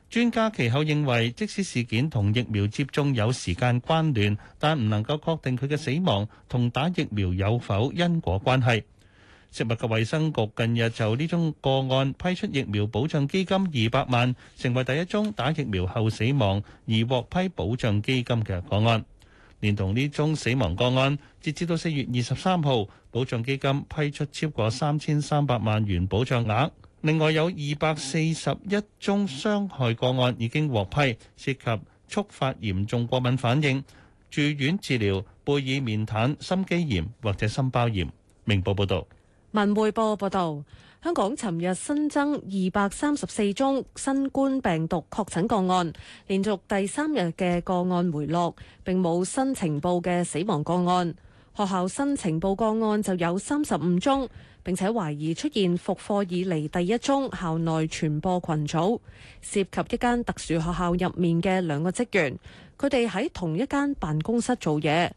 專家其後認為，即使事件同疫苗接種有時間關聯，但唔能夠確定佢嘅死亡同打疫苗有否因果關係。食物及衞生局近日就呢宗個案批出疫苗保障基金二百萬，成為第一宗打疫苗後死亡而獲批保障基金嘅個案。連同呢宗死亡個案，截至到四月二十三號。保障基金批出超過三千三百萬元保障額。另外有二百四十一宗傷害個案已經獲批，涉及觸發嚴重過敏反應、住院治療、貝爾面癱、心肌炎或者心包炎。明報報道。文匯報報道，香港尋日新增二百三十四宗新冠病毒確診個案，連續第三日嘅個案回落，並冇新情報嘅死亡個案。學校申報個案就有三十五宗，並且懷疑出現復課以嚟第一宗校內傳播群組，涉及一間特殊學校入面嘅兩個職員，佢哋喺同一間辦公室做嘢，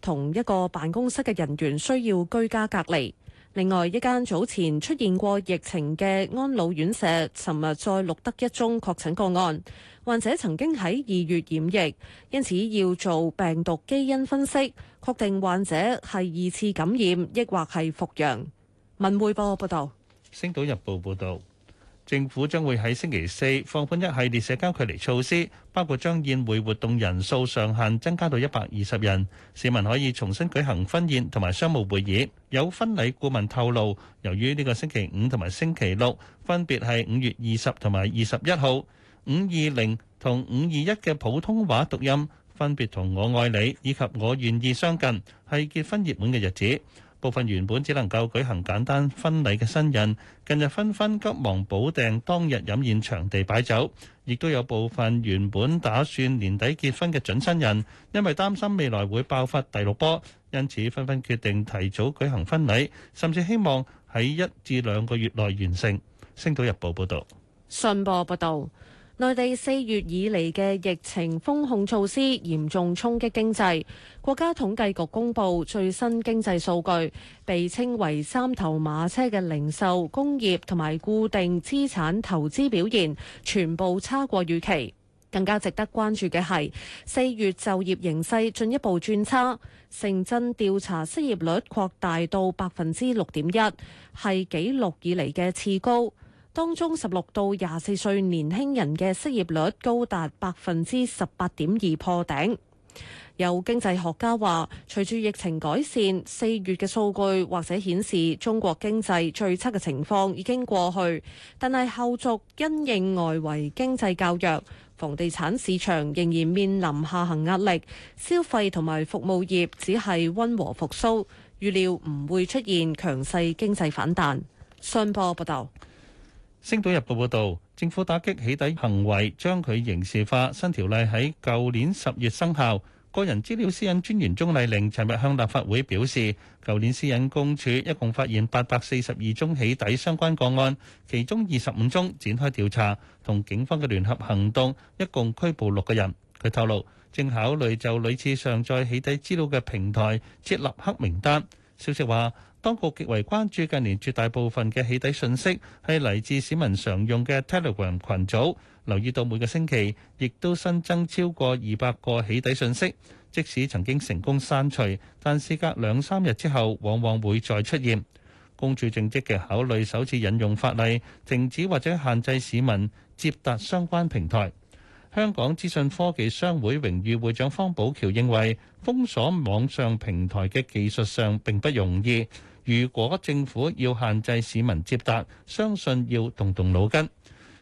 同一個辦公室嘅人員需要居家隔離。另外，一間早前出現過疫情嘅安老院舍，尋日再錄得一宗確診個案。患者曾經喺二月染疫，因此要做病毒基因分析，確定患者係二次感染，抑或係復陽。文匯報報道，《星島日報》報道，政府將會喺星期四放寬一系列社交距離措施，包括將宴會活動人數上限增加到一百二十人，市民可以重新舉行婚宴同埋商務會議。有婚禮顧問透露，由於呢個星期五同埋星期六分別係五月二十同埋二十一號。五二零同五二一嘅普通話讀音分別同我愛你以及我願意相近，係結婚熱門嘅日子。部分原本只能夠舉行簡單婚禮嘅新人，近日紛紛急忙補訂當日飲宴場地擺酒，亦都有部分原本打算年底結婚嘅準新人，因為擔心未來會爆發第六波，因此紛紛決定提早舉行婚禮，甚至希望喺一至兩個月內完成。星島日報報道，信報報道。內地四月以嚟嘅疫情封控措施嚴重衝擊經濟。國家統計局公佈最新經濟數據，被稱為三頭馬車嘅零售、工業同埋固定資產投資表現全部差過預期。更加值得關注嘅係四月就業形勢進一步轉差，城鎮調查失業率擴大到百分之六點一，係紀錄以嚟嘅次高。當中十六到廿四歲年輕人嘅失業率高達百分之十八點二破頂。有經濟學家話，隨住疫情改善，四月嘅數據或者顯示中國經濟最差嘅情況已經過去，但係後續因應外圍經濟較弱，房地產市場仍然面臨下行壓力，消費同埋服務業只係溫和復蘇，預料唔會出現強勢經濟反彈。信波報道。《星島日報》報導，政府打擊起底行為將佢刑事化，新條例喺舊年十月生效。個人資料私隱專員鍾麗玲尋日向立法會表示，舊年私隱公署一共發現八百四十二宗起底相關個案，其中二十五宗展開調查，同警方嘅聯合行動，一共拘捕六個人。佢透露，正考慮就屢次上載起底資料嘅平台設立黑名單。消息話。當局極為關注近年絕大部分嘅起底訊息係嚟自市民常用嘅 Telegram 群組，留意到每個星期亦都新增超過二百個起底訊息，即使曾經成功刪除，但事隔兩三日之後，往往會再出現。公署正積極考慮首次引用法例，停止或者限制市民接達相關平台。香港資訊科技商會榮譽會長方保僑認為，封鎖網上平台嘅技術上並不容易。如果政府要限制市民接達，相信要動動腦筋。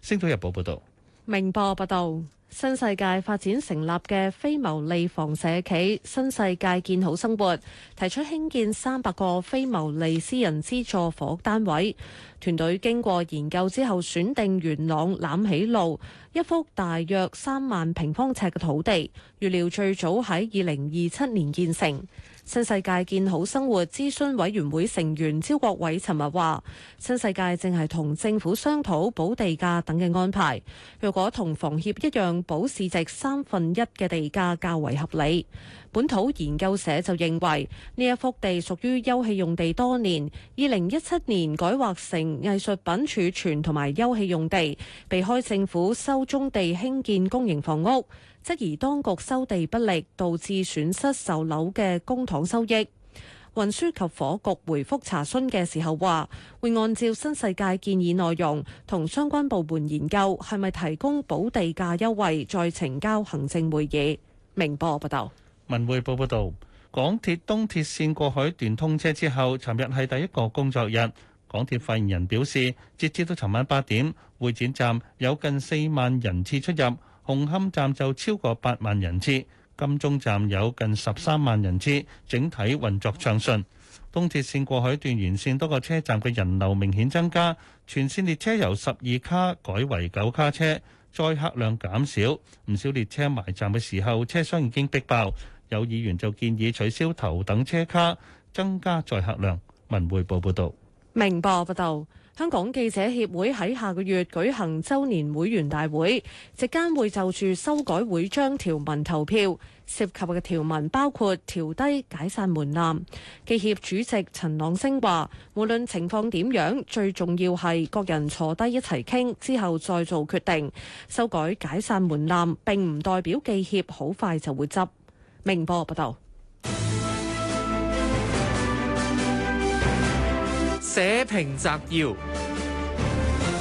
星島日報報道，明報報道，新世界發展成立嘅非牟利房社企新世界建好生活，提出興建三百個非牟利私人資助房屋單位。團隊經過研究之後，選定元朗欖起路一幅大約三萬平方尺嘅土地，預料最早喺二零二七年建成。新世界建好生活諮詢委員會成員招國偉尋日話：新世界正係同政府商討補地價等嘅安排，若果同房協一樣補市值三分一嘅地價較為合理。本土研究社就認為呢一幅地屬於休憩用地多年，二零一七年改劃成藝術品儲存同埋休憩用地，避開政府收棕地興建公營房屋。質疑當局收地不力，導致損失售樓嘅公帑收益。運輸及火局回覆查詢嘅時候話，會按照新世界建議內容同相關部門研究係咪提供保地價優惠，再呈交行政會議。明報報道：「文匯報報道，港鐵東鐵線過海段通車之後，尋日係第一個工作日，港鐵發言人表示，截至到尋晚八點，會展站有近四萬人次出入。紅磡站就超過八萬人次，金鐘站有近十三萬人次，整體運作暢順。東鐵線過海段沿線多個車站嘅人流明顯增加，全線列車由十二卡改為九卡車，載客量減少。唔少列車埋站嘅時候，車廂已經逼爆。有議員就建議取消頭等車卡，增加載客量。文匯報報導，明報報導。香港記者協會喺下個月舉行周年會員大會，席間會就住修改會章條文投票，涉及嘅條文包括調低解散門檻。記協主席陳朗升話，無論情況點樣，最重要係各人坐低一齊傾之後再做決定。修改解散門檻並唔代表記協好快就會執。明波報道。社評摘要，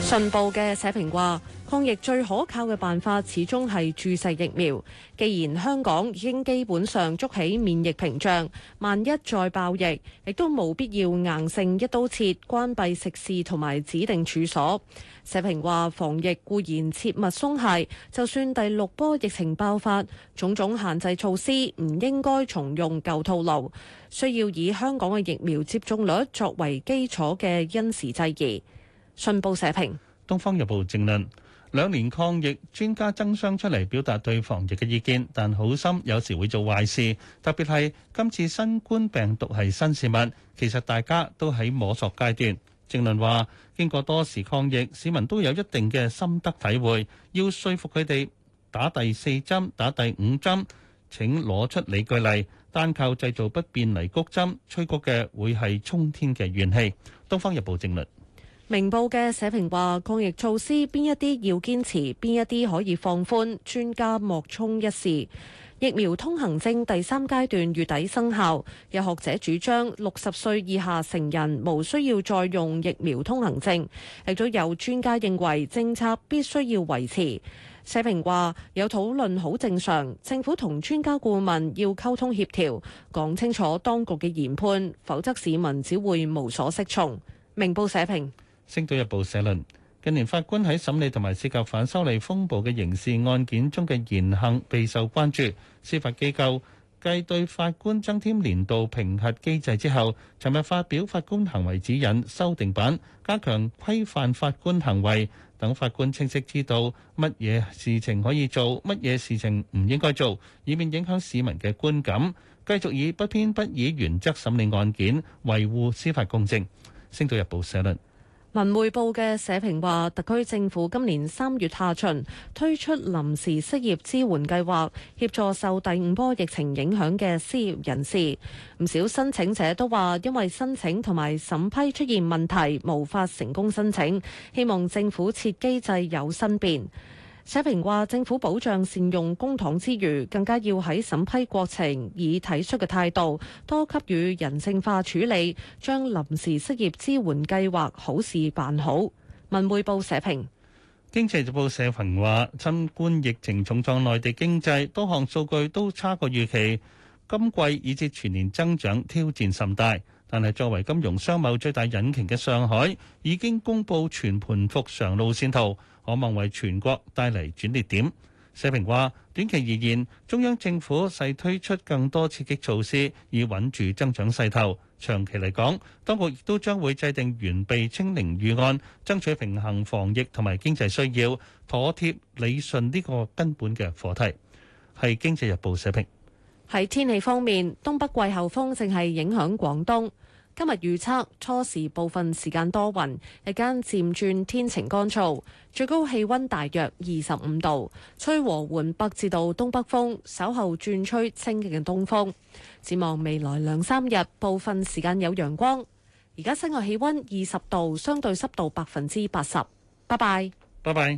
信報嘅社評話。抗疫最可靠嘅辦法始終係注射疫苗。既然香港已經基本上築起免疫屏障，萬一再爆疫，亦都冇必要硬性一刀切，關閉食肆同埋指定處所。社評話：防疫固然切勿鬆懈，就算第六波疫情爆發，種種限制措施唔應該重用舊套路，需要以香港嘅疫苗接種率作為基礎嘅因時制宜。信報社評，《東方日報》正論。兩年抗疫，專家爭相出嚟表達對防疫嘅意見，但好心有時會做壞事。特別係今次新冠病毒係新事物，其實大家都喺摸索階段。正論話：經過多時抗疫，市民都有一定嘅心得體會。要説服佢哋打第四針、打第五針，請攞出理據嚟。單靠製造不便嚟谷針、催谷嘅，會係沖天嘅怨氣。《東方日報正論》正論。明報嘅社評話：抗疫措施邊一啲要堅持，邊一啲可以放寬？專家莫衷一是，疫苗通行證第三階段月底生效，有學者主張六十歲以下成人冇需要再用疫苗通行證。亦都有專家認為政策必須要維持。社評話：有討論好正常，政府同專家顧問要溝通協調，講清楚當局嘅研判，否則市民只會無所適從。明報社評。《星島日報》社論：近年法官喺審理同埋涉及反修例風暴嘅刑事案件中嘅言行備受關注，司法機構繼對法官增添年度評核機制之後，尋日發表法官行為指引修訂版，加強規範法官行為，等法官清晰知道乜嘢事情可以做，乜嘢事情唔應該做，以免影響市民嘅觀感，繼續以不偏不倚原則審理案件，維護司法公正。《星島日報》社論。文匯報嘅社評話，特區政府今年三月下旬推出臨時失業支援計劃，協助受第五波疫情影響嘅失業人士。唔少申請者都話，因為申請同埋審批出現問題，無法成功申請，希望政府設機制有新變。社評話：政府保障善用公帑之餘，更加要喺審批過程以體恤嘅態度，多給予人性化處理，將臨時失業支援計劃好事辦好。文匯報社評，經濟日報社評話：新冠疫情重創內地經濟，多項數據都差過預期，今季以至全年增長挑戰甚大。但係作為金融商貿最大引擎嘅上海，已經公布全盤復常路線圖。可望為全國帶嚟轉捩點。社評話：短期而言，中央政府勢推出更多刺激措施以穩住增長勢頭；長期嚟講，當局亦都將會制定完備清零預案，爭取平衡防疫同埋經濟需要，妥貼理順呢個根本嘅課題。係《經濟日報》社評。喺天氣方面，東北季候風正係影響廣東。今日預測，初時部分時間多雲，日間漸轉天晴乾燥，最高氣溫大約二十五度，吹和緩北至到東北風，稍後轉吹清勁嘅東風。展望未來兩三日，部分時間有陽光。而家室外氣溫二十度，相對濕度百分之八十。拜拜。拜拜。